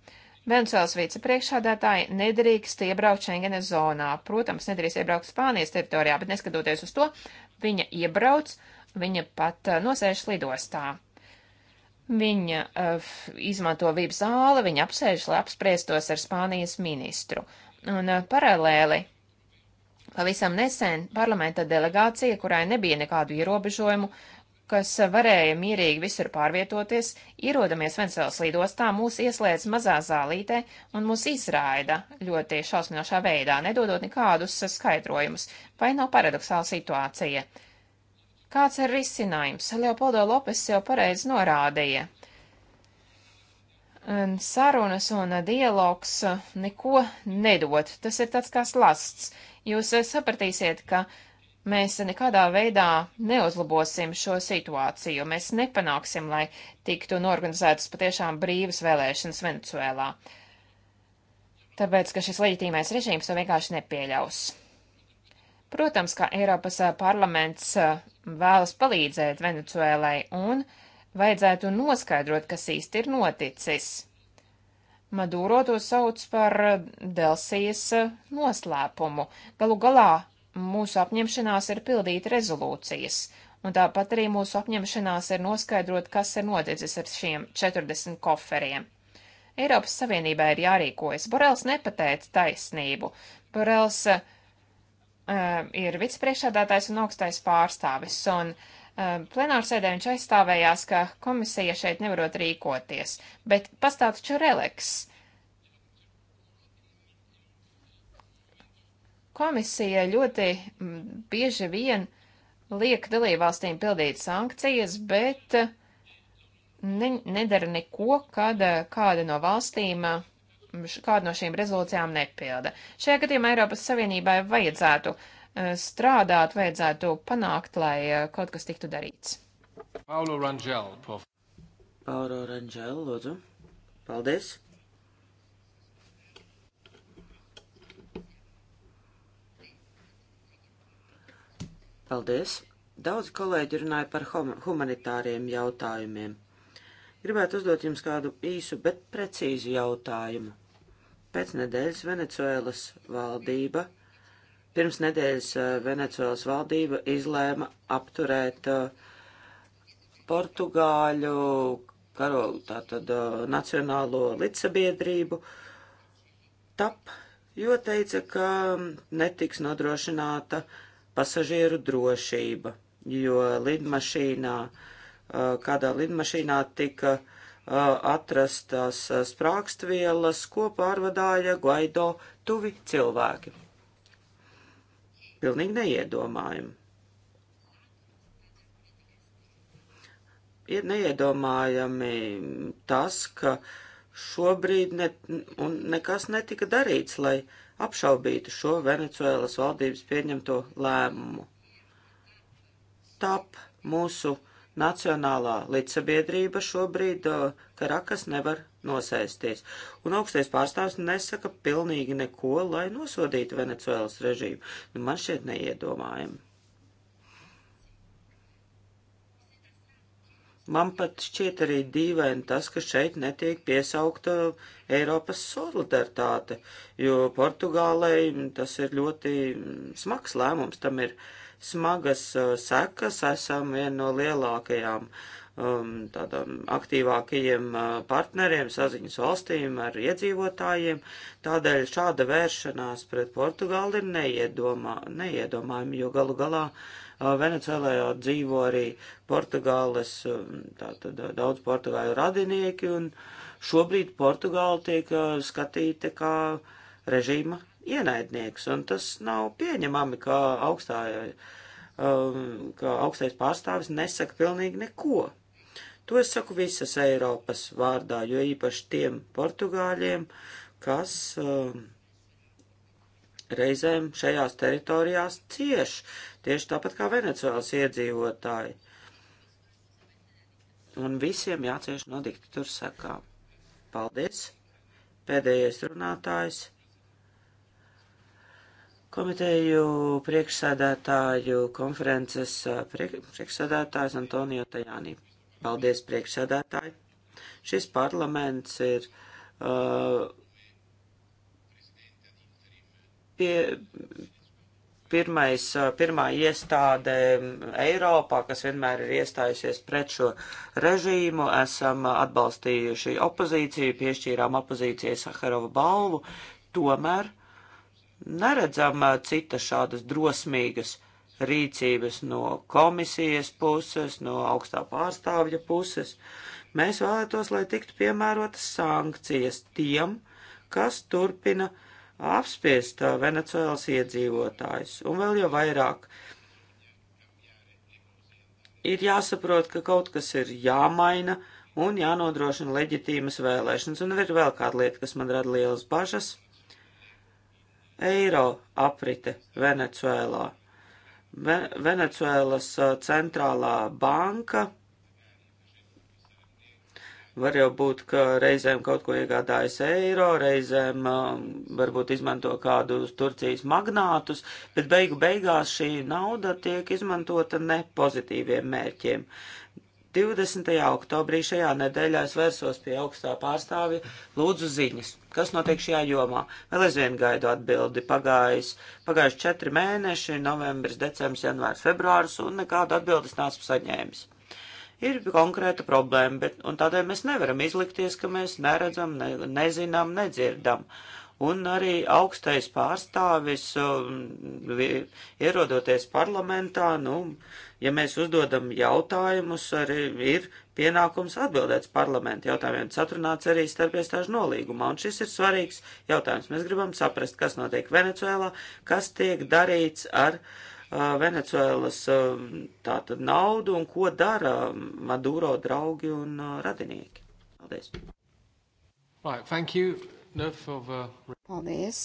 Venecuēlas vicepriekšādātāji nedrīkst iebraukt Schengenes zonā. Protams, nedrīkst iebraukt Spānijas teritorijā, bet neskatoties uz to, viņa iebrauc, viņa pat eh, nosēž lidostā. Viņa uh, izmanto vību zāli, viņa apsēž, lai apspriestos ar Spānijas ministru. Un uh, paralēli pavisam nesen parlamenta delegācija, kurai nebija nekādu ierobežojumu, uh, kas eh, varēja mierīgi visur pārvietoties, ierodamies Vencelas lidostā, mūs ieslēdz mazā zālītē un mūs izraida ļoti šausminošā veidā, nedodot nekādus eh, skaidrojumus. Vai nav paradoxāla situācija? Kāds ir risinājums? Leopoldo Lopes jau pareizi norādīja. Sarunas un dialogs eh, neko nedod. Tas ir tāds kā slasts. Jūs sapratīsiet, ka uh, Mēs nekādā veidā neuzlabosim šo situāciju. Mēs nepanāksim, lai tiktu norganizētas patiešām brīvas vēlēšanas Venecuēlā. Tāpēc, ka šis leģitīmais režīms to vienkārši nepieļaus. Protams, ka Eiropas parlaments vēlas palīdzēt Venecuēlai un vajadzētu noskaidrot, kas īsti ir noticis. Maduro to sauc par Delsijas noslēpumu. Galu galā mūsu apņemšanās ir pildīt rezolūcijas, un tāpat arī mūsu apņemšanās ir noskaidrot, kas ir noticis ar šiem 40 koferiem. Eiropas Savienībā ir jārīkojas. Borels nepateica taisnību. Borels uh, ir vicepriekšādātājs un augstais pārstāvis, un uh, plenārsēdē viņš aizstāvējās, ka komisija šeit nevarot rīkoties, bet pastāv taču releks. Uh, Komisija ļoti mm, bieži vien liek dalībvalstīm pildīt sankcijas, bet mm, ne, nedara neko, kad eh, kāda no valstīm mm, kādu no šīm rezolūcijām nepilda. Šajā gadījumā Eiropas Savienībai vajadzētu eh, strādāt, vajadzētu panākt, lai eh, kaut kas tiktu darīts. Paulo Rangel, prof. Paulo Rangel, lūdzu. Paldies. Paldies! Daudz kolēģi runāja par humanitāriem jautājumiem. Gribētu uzdot jums kādu īsu, bet precīzu jautājumu. Pēc nedēļas Venecuēlas valdība, pirms nedēļas eh, Venecuēlas valdība izlēma apturēt eh, Portugāļu karolu, tātad eh, Nacionālo līdzsabiedrību, tap, jo teica, ka netiks nodrošināta uh, pasažieru drošība, jo lidmašīnā, kādā lidmašīnā tika atrastas sprākstvielas, ko pārvadāja Guaido tuvi cilvēki. Pilnīgi neiedomājami. ir neiedomājami tas, ka šobrīd ne, un nekas netika darīts, lai apšaubītu šo Venecuēlas valdības pieņemto lēmumu. Tap mūsu nacionālā līdzsabiedrība šobrīd Karakas nevar nosaisties, un augstais pārstāvs nesaka pilnīgi neko, lai nosodītu Venecuēlas režīmu. Nu, man šķiet neiedomājami. Man pat šķiet arī dīvaini tas, ka šeit netiek piesaukta Eiropas solidaritāte, jo Portugālei tas ir ļoti smags lēmums, tam ir smagas uh, sekas, esam viena no lielākajām um, tādām aktīvākajiem uh, partneriem, saziņas valstīm ar iedzīvotājiem, tādēļ šāda vēršanās pret Portugāli ir neiedomā, neiedomājama, jo galu galā uh, Uh, Venecijā dzīvo arī Portugāles, um, tātad uh, daudz portugāļu radinieki, un šobrīd Portugāla tiek uh, skatīta kā režīma ienaidnieks, un tas nav pieņemami, ka, augstā, um, ka augstais pārstāvis nesaka pilnīgi neko. To es saku visas Eiropas vārdā, jo īpaši tiem portugāļiem, kas uh, reizēm šajās teritorijās cieš, tieši tāpat kā Venecuēlas iedzīvotāji. Un visiem jācieš no diktatūras sakām. Paldies! Pēdējais runātājs komiteju priekšsēdētāju konferences priekšsēdētājs Antonio Tajāni. Paldies, priekšsēdētāji! Šis parlaments ir uh, pie, pirmais, pirmā iestāde Eiropā, kas vienmēr ir iestājusies pret šo režīmu. Esam atbalstījuši opozīciju, piešķīrām opozīcijai Saharova balvu. Tomēr neredzam citas šādas drosmīgas rīcības no komisijas puses, no augstā pārstāvja puses. Mēs vēlētos, lai tiktu piemērotas sankcijas tiem, kas turpina uh, apspiest Venecuēlas iedzīvotājus. Un vēl jau vairāk ir jāsaprot, ka kaut kas ir jāmaina un jānodrošina leģitīmas vēlēšanas. Un ir vēl kāda lieta, kas man rada lielas bažas - eiro aprite Venecuēlā. Ve Venecuēlas centrālā banka Var jau būt, ka reizēm kaut ko iegādājas eiro, reizēm um, varbūt izmanto kādus Turcijas magnātus, bet beigu beigās šī nauda tiek izmantota ne pozitīviem mērķiem. 20. oktobrī šajā nedēļā es vērsos pie augstā pārstāvja lūdzu ziņas, kas notiek šajā jomā. Vēl aizvien gaidu atbildi. Pagājis, pagājuši četri mēneši, novembris, decembris, janvārs, februārs, un nekādu atbildes nāc saņēmis. Ir konkrēta problēma, bet, un tādēļ mēs nevaram izlikties, ka mēs neredzam, ne, nezinām, nedzirdam. Un arī augstais pārstāvis, um, ierodoties parlamentā, nu, ja mēs uzdodam jautājumus, arī ir pienākums atbildēt parlamentu jautājumiem. Satrunāts arī starp iestāžu nolīgumā, un šis ir svarīgs jautājums. Mēs gribam saprast, kas notiek Venecuēlā, kas tiek darīts ar uh, Venecuēlas tātad naudu un ko dara Maduro draugi un radinieki. Paldies. Right, thank you. Enough of, uh... Paldies.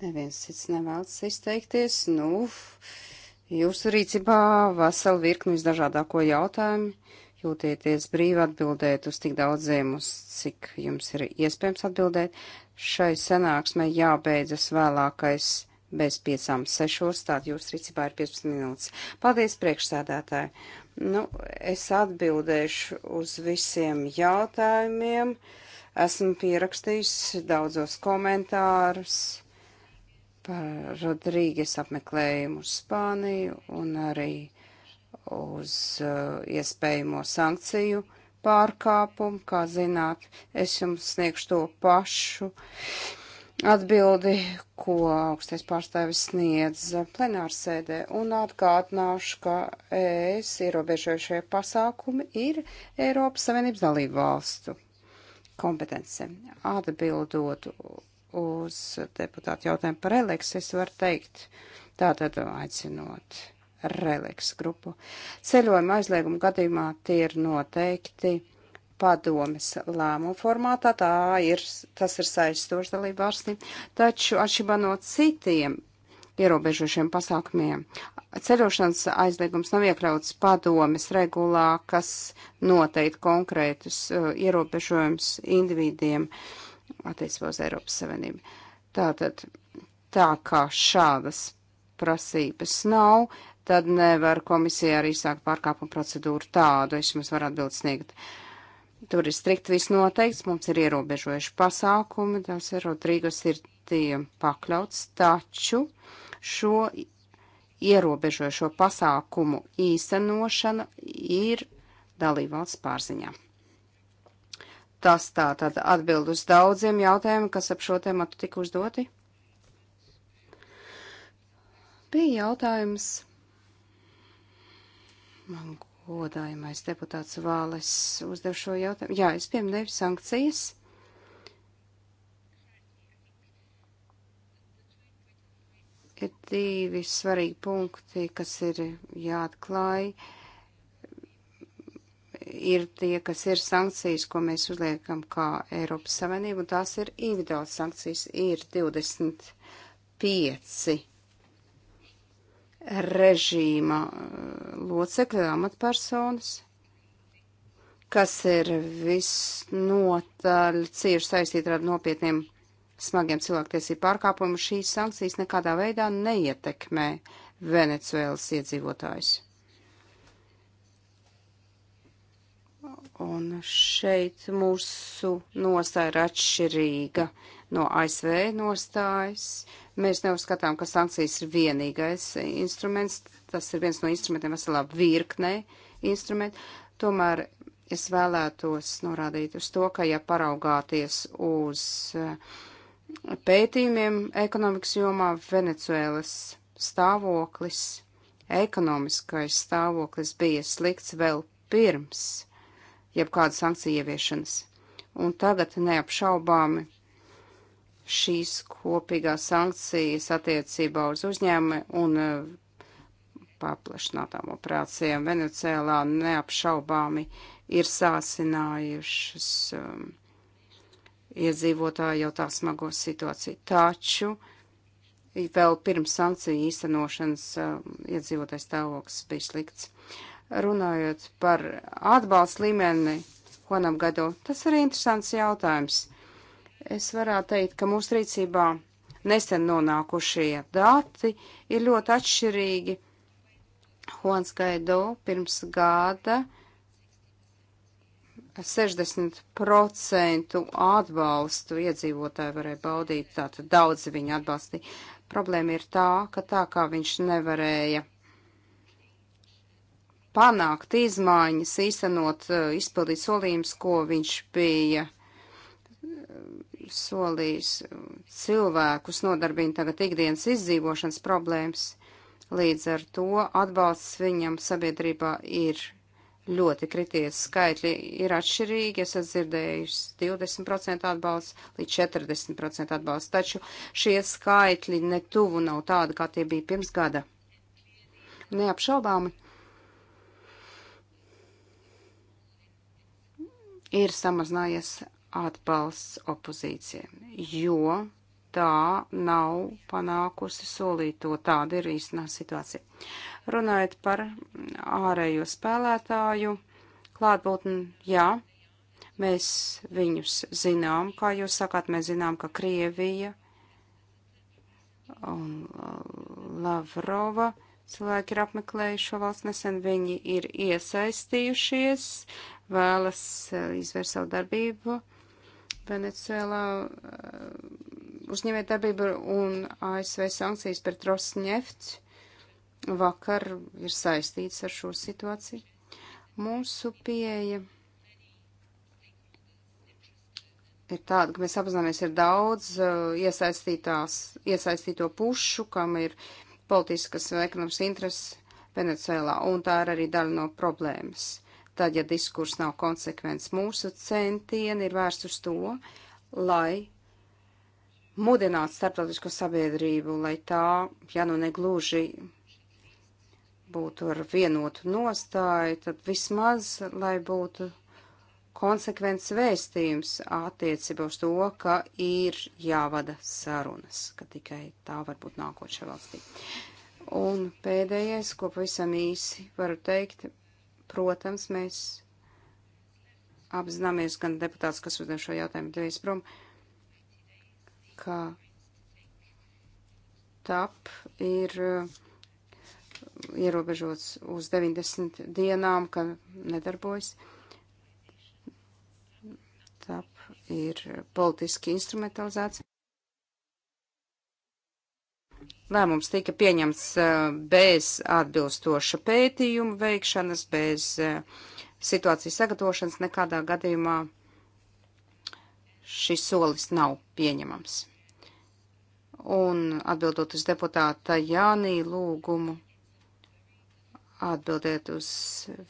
Neviens cits nevēlas izteikties. Nu, jūsu rīcībā vesela virkni visdažādāko jautājumu. Jūtieties brīvi atbildēt uz tik daudziem, uz cik jums ir iespējams atbildēt. Šai sanāksmē jābeidzas vēlākais bez piecām sešos, tātad jūs rīcībā ir 15 minūtes. Paldies, priekšsēdētāji! Nu, es atbildēšu uz visiem jautājumiem. Esmu pierakstījis daudzos komentārus par Rodrīgas apmeklējumu uz Spāniju un arī uz uh, iespējamo sankciju pārkāpumu, kā zināt, es jums sniegšu to pašu atbildi, ko augstais pārstāvis sniedz plenārsēdē, un atgādināšu, ka ES ierobežojušie pasākumi ir Eiropas Savienības dalību valstu kompetence. Atbildot uz deputātu jautājumu par releks, es varu teikt, tātad aicinot releks grupu. Ceļojuma aizlieguma gadījumā tie ir noteikti padomes lēmumu formātā, tā ir, tas ir saistošs dalību valstīm, taču atšķirībā no citiem ierobežošiem pasākumiem. Ceļošanas aizliegums nav iekļauts padomes regulā, kas noteikti konkrētus uh, ierobežojums individiem attiecībā uz Eiropas Savienību. Tātad, tā kā šādas prasības nav, tad nevar komisija arī sākt pārkāpumu procedūru tādu, es jums varu atbildi sniegt. Uh, Tur ir strikt viss noteikts, mums ir ierobežojuši pasākumi, tas ir Rodrīgas ir tiem pakļauts, taču šo ierobežojušo pasākumu īstenošana ir dalībvalsts pārziņā. Tas tā tad atbild uz daudziem jautājumiem, kas ap šo tēmatu tika uzdoti. Bija jautājums, man Godājumais deputāts Vāles uzdev šo jautājumu. Jā, es pieminēju sankcijas. ir divi svarīgi punkti, kas ir jāatklāj. Ir tie, kas ir sankcijas, ko mēs uzliekam kā Eiropas Savienība, un tās ir individuāls sankcijas. Ir 25 režīma eh, locekļi, amatpersonas, kas ir visnotaļ cieši saistīti ar nopietniem smagiem cilvēktiesību pārkāpumiem, šīs sankcijas nekādā veidā neietekmē Venecuēlas iedzīvotājus. Un šeit mūsu nostāja ir atšķirīga no ASV nostājas. Mēs neuzskatām, ka sankcijas ir vienīgais instruments. Tas ir viens no instrumentiem veselā virknē instrumentu. Tomēr es vēlētos norādīt uz to, ka ja paraugāties uz eh, pētījumiem ekonomikas jomā, Venecuēlas stāvoklis, ekonomiskais stāvoklis bija slikts vēl pirms jebkāda sankcija ieviešanas. Un tagad neapšaubāmi šīs kopīgās sankcijas attiecībā uz uzņēmumu un eh, paplašinātām operācijām Venecijā neapšaubāmi ir sāsinājušas um, iedzīvotāju jau tā smago situāciju. Taču vēl pirms sankciju īstenošanas um, iedzīvotājs stāvoklis bija slikts. Runājot par atbalstu līmeni, Honam Gado, tas arī interesants jautājums es varētu teikt, ka mūsu rīcībā nesen nonākušie dati ir ļoti atšķirīgi. Hons Gaido pirms gada 60% atbalstu iedzīvotāji varēja baudīt, tātad daudzi viņu atbalstīja. Problēma ir tā, ka tā kā viņš nevarēja panākt izmaiņas, īstenot, uh, izpildīt solījumus, ko viņš bija solījis um, cilvēkus nodarbina tagad ikdienas izdzīvošanas problēmas. Līdz ar to atbalsts viņam sabiedrībā ir ļoti krities. Skaitļi ir atšķirīgi, es esmu dzirdējis 20% atbalsts līdz 40% atbalsts, taču šie skaitļi netuvu nav tādi, kā tie bija pirms gada. Neapšaubāmi. Ir samazinājies atbalsts opozīcijai, jo tā nav panākusi solīto. Tāda ir īstenā situācija. Runājot par ārējo spēlētāju klātbūtni, jā, mēs viņus zinām, kā jūs sakāt, mēs zinām, ka Krievija un Lavrova cilvēki ir apmeklējuši šo valsts nesen, viņi ir iesaistījušies, vēlas eh, izvērst savu darbību Venecijā eh, uzņēmēt darbību un ASV sankcijas pret Rosneft vakar ir saistīts ar šo situāciju. Mūsu pieeja ir tāda, ka mēs apzināmies, ir daudz eh, iesaistītās, iesaistīto pušu, kam ir politiskas vai ekonomiskas intereses Venecijā, un tā ir arī daļa no problēmas tad, ja diskurs nav konsekvents. Mūsu centieni ir vērst uz to, lai mudinātu starptautisko sabiedrību, lai tā, ja nu negluži būtu ar vienotu nostāju, tad vismaz, lai būtu konsekvents vēstījums attiecībā uz to, ka ir jāvada sarunas, ka tikai tā var būt nākošā valstī. Un pēdējais, ko pavisam īsi varu teikt, Protams, mēs apzināmies, gan deputāts, kas uzdeva šo jautājumu, devies prom, ka TAP ir uh, ierobežots uz 90 dienām, ka nedarbojas. TAP ir politiski instrumentalizēts. Lēmums tika pieņemts eh, bez atbilstoša pētījuma veikšanas, bez eh, situācijas sagatavošanas nekādā gadījumā šis solis nav pieņemams. Un atbildot uz deputāta Jānī lūgumu, atbildēt uz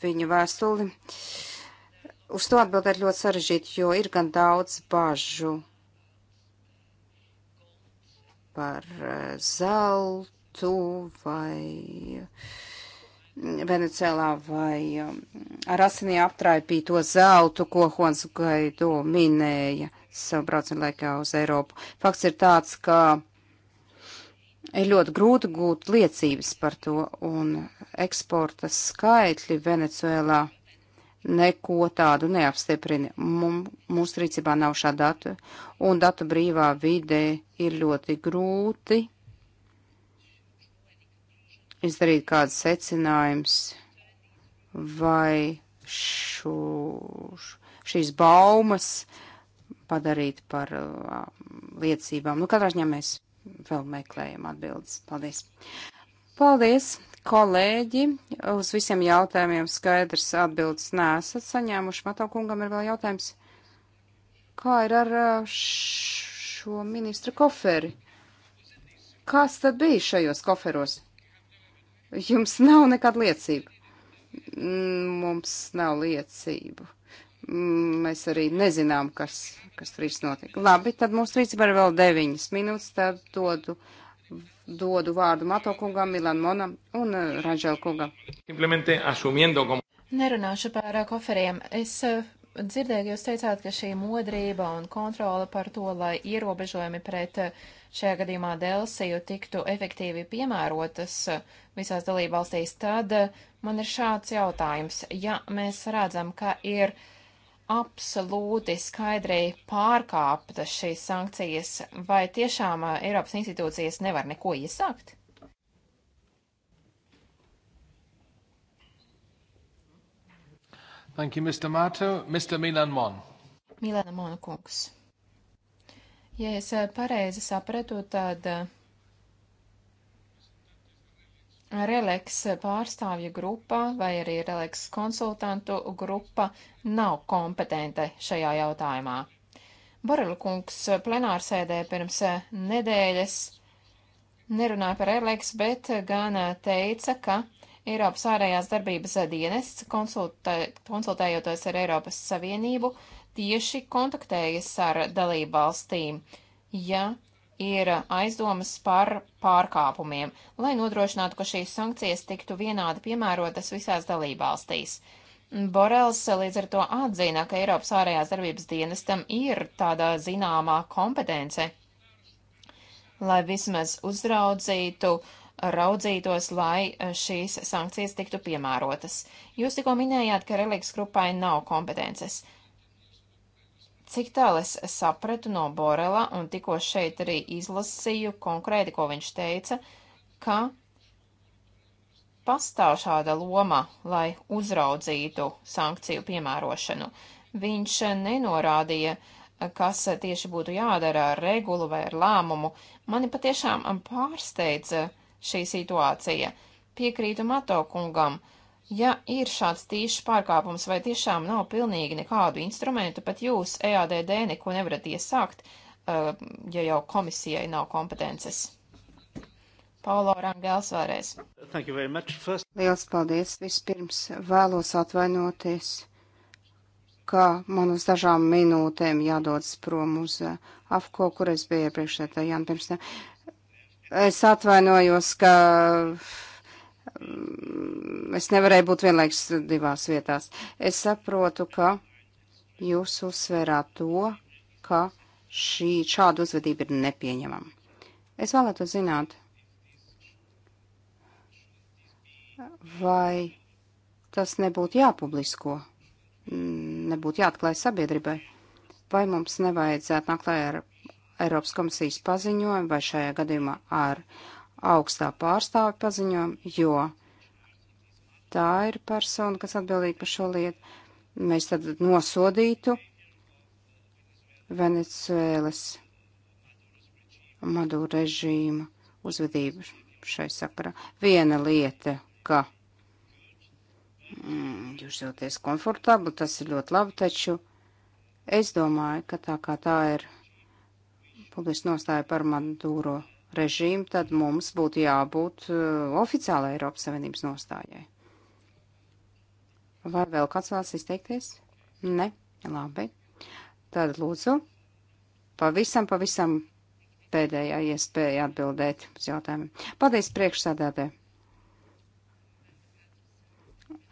viņa vēstuli, uz to atbildēt ļoti sarežģīti, jo ir gan daudz bažu par eh, zeltu vai mm, Venecijā vai mm, ar asinī aptraipīto zeltu, ko Hons Gaido minēja savu braucienu laikā uz Eiropu. Fakts ir tāds, ka ir ļoti grūti gūt liecības par to, un eksporta skaitļi Venecijā neko tādu neapstiprina. Mums, mūsu rīcībā nav šā datu, un datu brīvā vidē ir ļoti grūti izdarīt kādu secinājums vai šo, šīs baumas padarīt par uh, liecībām. Nu, katrā ziņā mēs vēl meklējam atbildes. Paldies! Paldies! kolēģi, uz visiem jautājumiem skaidrs atbildes nesat saņēmuši. Matau kungam ir vēl jautājums. Kā ir ar uh, šo ministra koferi? Kas tad bija šajos koferos? Jums nav nekad liecību. Mm, mums nav liecību. Mm, mēs arī nezinām, kas, kas tur īsti notika. Labi, tad mums rīcībā ir vēl deviņas minūtes, tad dodu. Uh, dodu vārdu Mato kungam, Milan Monam un eh, Ranžēl kungam. Nerunāšu par eh, koferiem. Es eh, dzirdēju, jūs teicāt, ka šī modrība un kontrola par to, lai ierobežojumi pret šajā gadījumā Delsiju tiktu efektīvi piemērotas visās dalībvalstīs, tad man ir šāds jautājums. Ja mēs redzam, ka ir uh, absolūti skaidri pārkāpta šīs sankcijas, vai tiešām eh, Eiropas institūcijas nevar neko iesākt? Thank you, Mr. Mato. Mr. Milan Mon. Milana Monkungs. Ja es eh, pareizi sapratu, tad Releks pārstāvju grupa vai arī Releks konsultantu grupa nav kompetente šajā jautājumā. Borela kungs plenārsēdē pirms nedēļas nerunāja par Releks, bet gan teica, ka Eiropas ārējās darbības dienests, konsultē, konsultējoties ar Eiropas Savienību, tieši kontaktējas ar dalību valstīm, ja ir aizdomas par pārkāpumiem, lai nodrošinātu, ka šīs sankcijas tiktu vienādi piemērotas visās dalībvalstīs. Borels līdz ar to atzina, ka Eiropas ārējās darbības dienestam ir tāda zināmā kompetence, lai vismaz uzraudzītu uh, raudzītos, lai šīs sankcijas tiktu piemērotas. Jūs tikko minējāt, ka reliģijas grupai nav kompetences. Cik tālu es sapratu no Borela un tikko šeit arī izlasīju konkrēti, ko viņš teica, ka pastāv šāda loma, lai uzraudzītu sankciju piemērošanu. Viņš nenorādīja, kas tieši būtu jādara ar regulu vai ar lēmumu. Mani patiešām pārsteidza šī situācija. Piekrītu Mato kungam. Uh, Ja ir šāds tīšs pārkāpums, vai tiešām nav pilnīgi nekādu instrumentu, pat jūs EADD neko nevarat iesākt, uh, ja jau komisijai nav kompetences? Paulo Rangels vēlreiz. First... Liels paldies! Vispirms vēlos atvainoties, ka man uz dažām minūtēm jādodas prom uz uh, AFCO, kur es biju iepriekšētā Jāna pirms. Es atvainojos, ka Mm, es nevarēju būt vienlaiks divās vietās. Es saprotu, ka jūs uzsvērāt to, ka šī šāda uzvedība ir nepieņemama. Es vēlētos zināt, vai tas nebūtu jāpublisko, mm, nebūtu jāatklāj sabiedrībai, vai mums nevajadzētu nākt klājā ar Eiropas komisijas paziņojumu vai šajā gadījumā ar augstā pārstāve paziņojumu, jo tā ir persona, kas atbildīga par šo lietu. Mēs tad nosodītu Venecuēlas Maduro režīmu uzvedību šai sakarā. Viena lieta, ka mm, jūs jūties komfortabli, tas ir ļoti labi, taču es domāju, ka tā kā tā ir publiski nostāja par Maduro režīmu, tad mums būtu jābūt uh, oficiālai Eiropas Savienības nostājai. Vai vēl kāds vēlas izteikties? Ne? Labi. Tad lūdzu, pavisam, pavisam pēdējā iespēja atbildēt uz jautājumiem. Paldies priekšsādātē.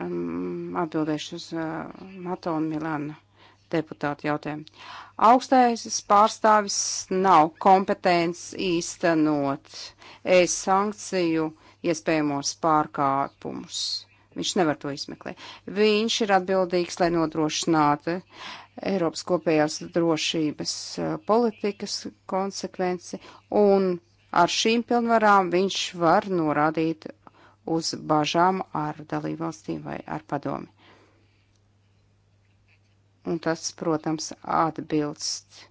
Um, atbildēšu uz uh, eh, Matonu Milānu deputātu jautājumu. Augstais pārstāvis nav kompetents īstenot es sankciju iespējamos pārkāpumus. Viņš nevar to izmeklēt. Viņš ir atbildīgs, lai nodrošinātu Eiropas kopējās drošības politikas konsekvenci, un ar šīm pilnvarām viņš var norādīt uz bažām ar dalībvalstīm vai ar padomi. Un tas, protams, atbilst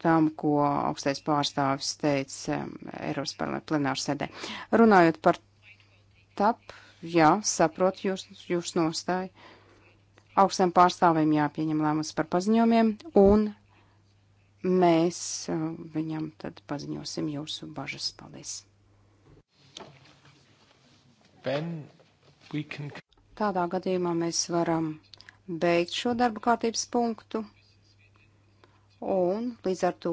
tam, ko augstais pārstāvis teica um, Eiropas plenāru sēdē. Runājot par tap, jā, saprotu jūs, jūs nostāju. Augstam pārstāvim jāpieņem lēmums par paziņojumiem, un mēs um, viņam tad paziņosim jūsu bažas. Paldies! Then we can... Tādā gadījumā mēs varam beigt šo darba kārtības punktu. Un līdz ar to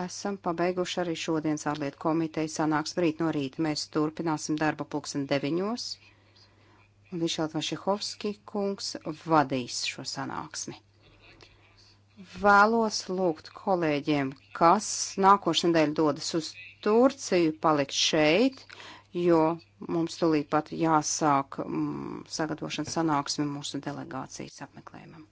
esam pabeiguši arī šodienas ārlietu komiteja sanāks rīt no rīta. Mēs turpināsim darbu pulksten deviņos. Un Višalt Vašehovski kungs vadīs šo sanāksmi. Vēlos lūgt kolēģiem, kas nākošais nedēļa dodas uz Turciju, palikt šeit, jo mums tulīt pat jāsāk mm, sagatavošana sanāksme mūsu delegācijas apmeklējumam.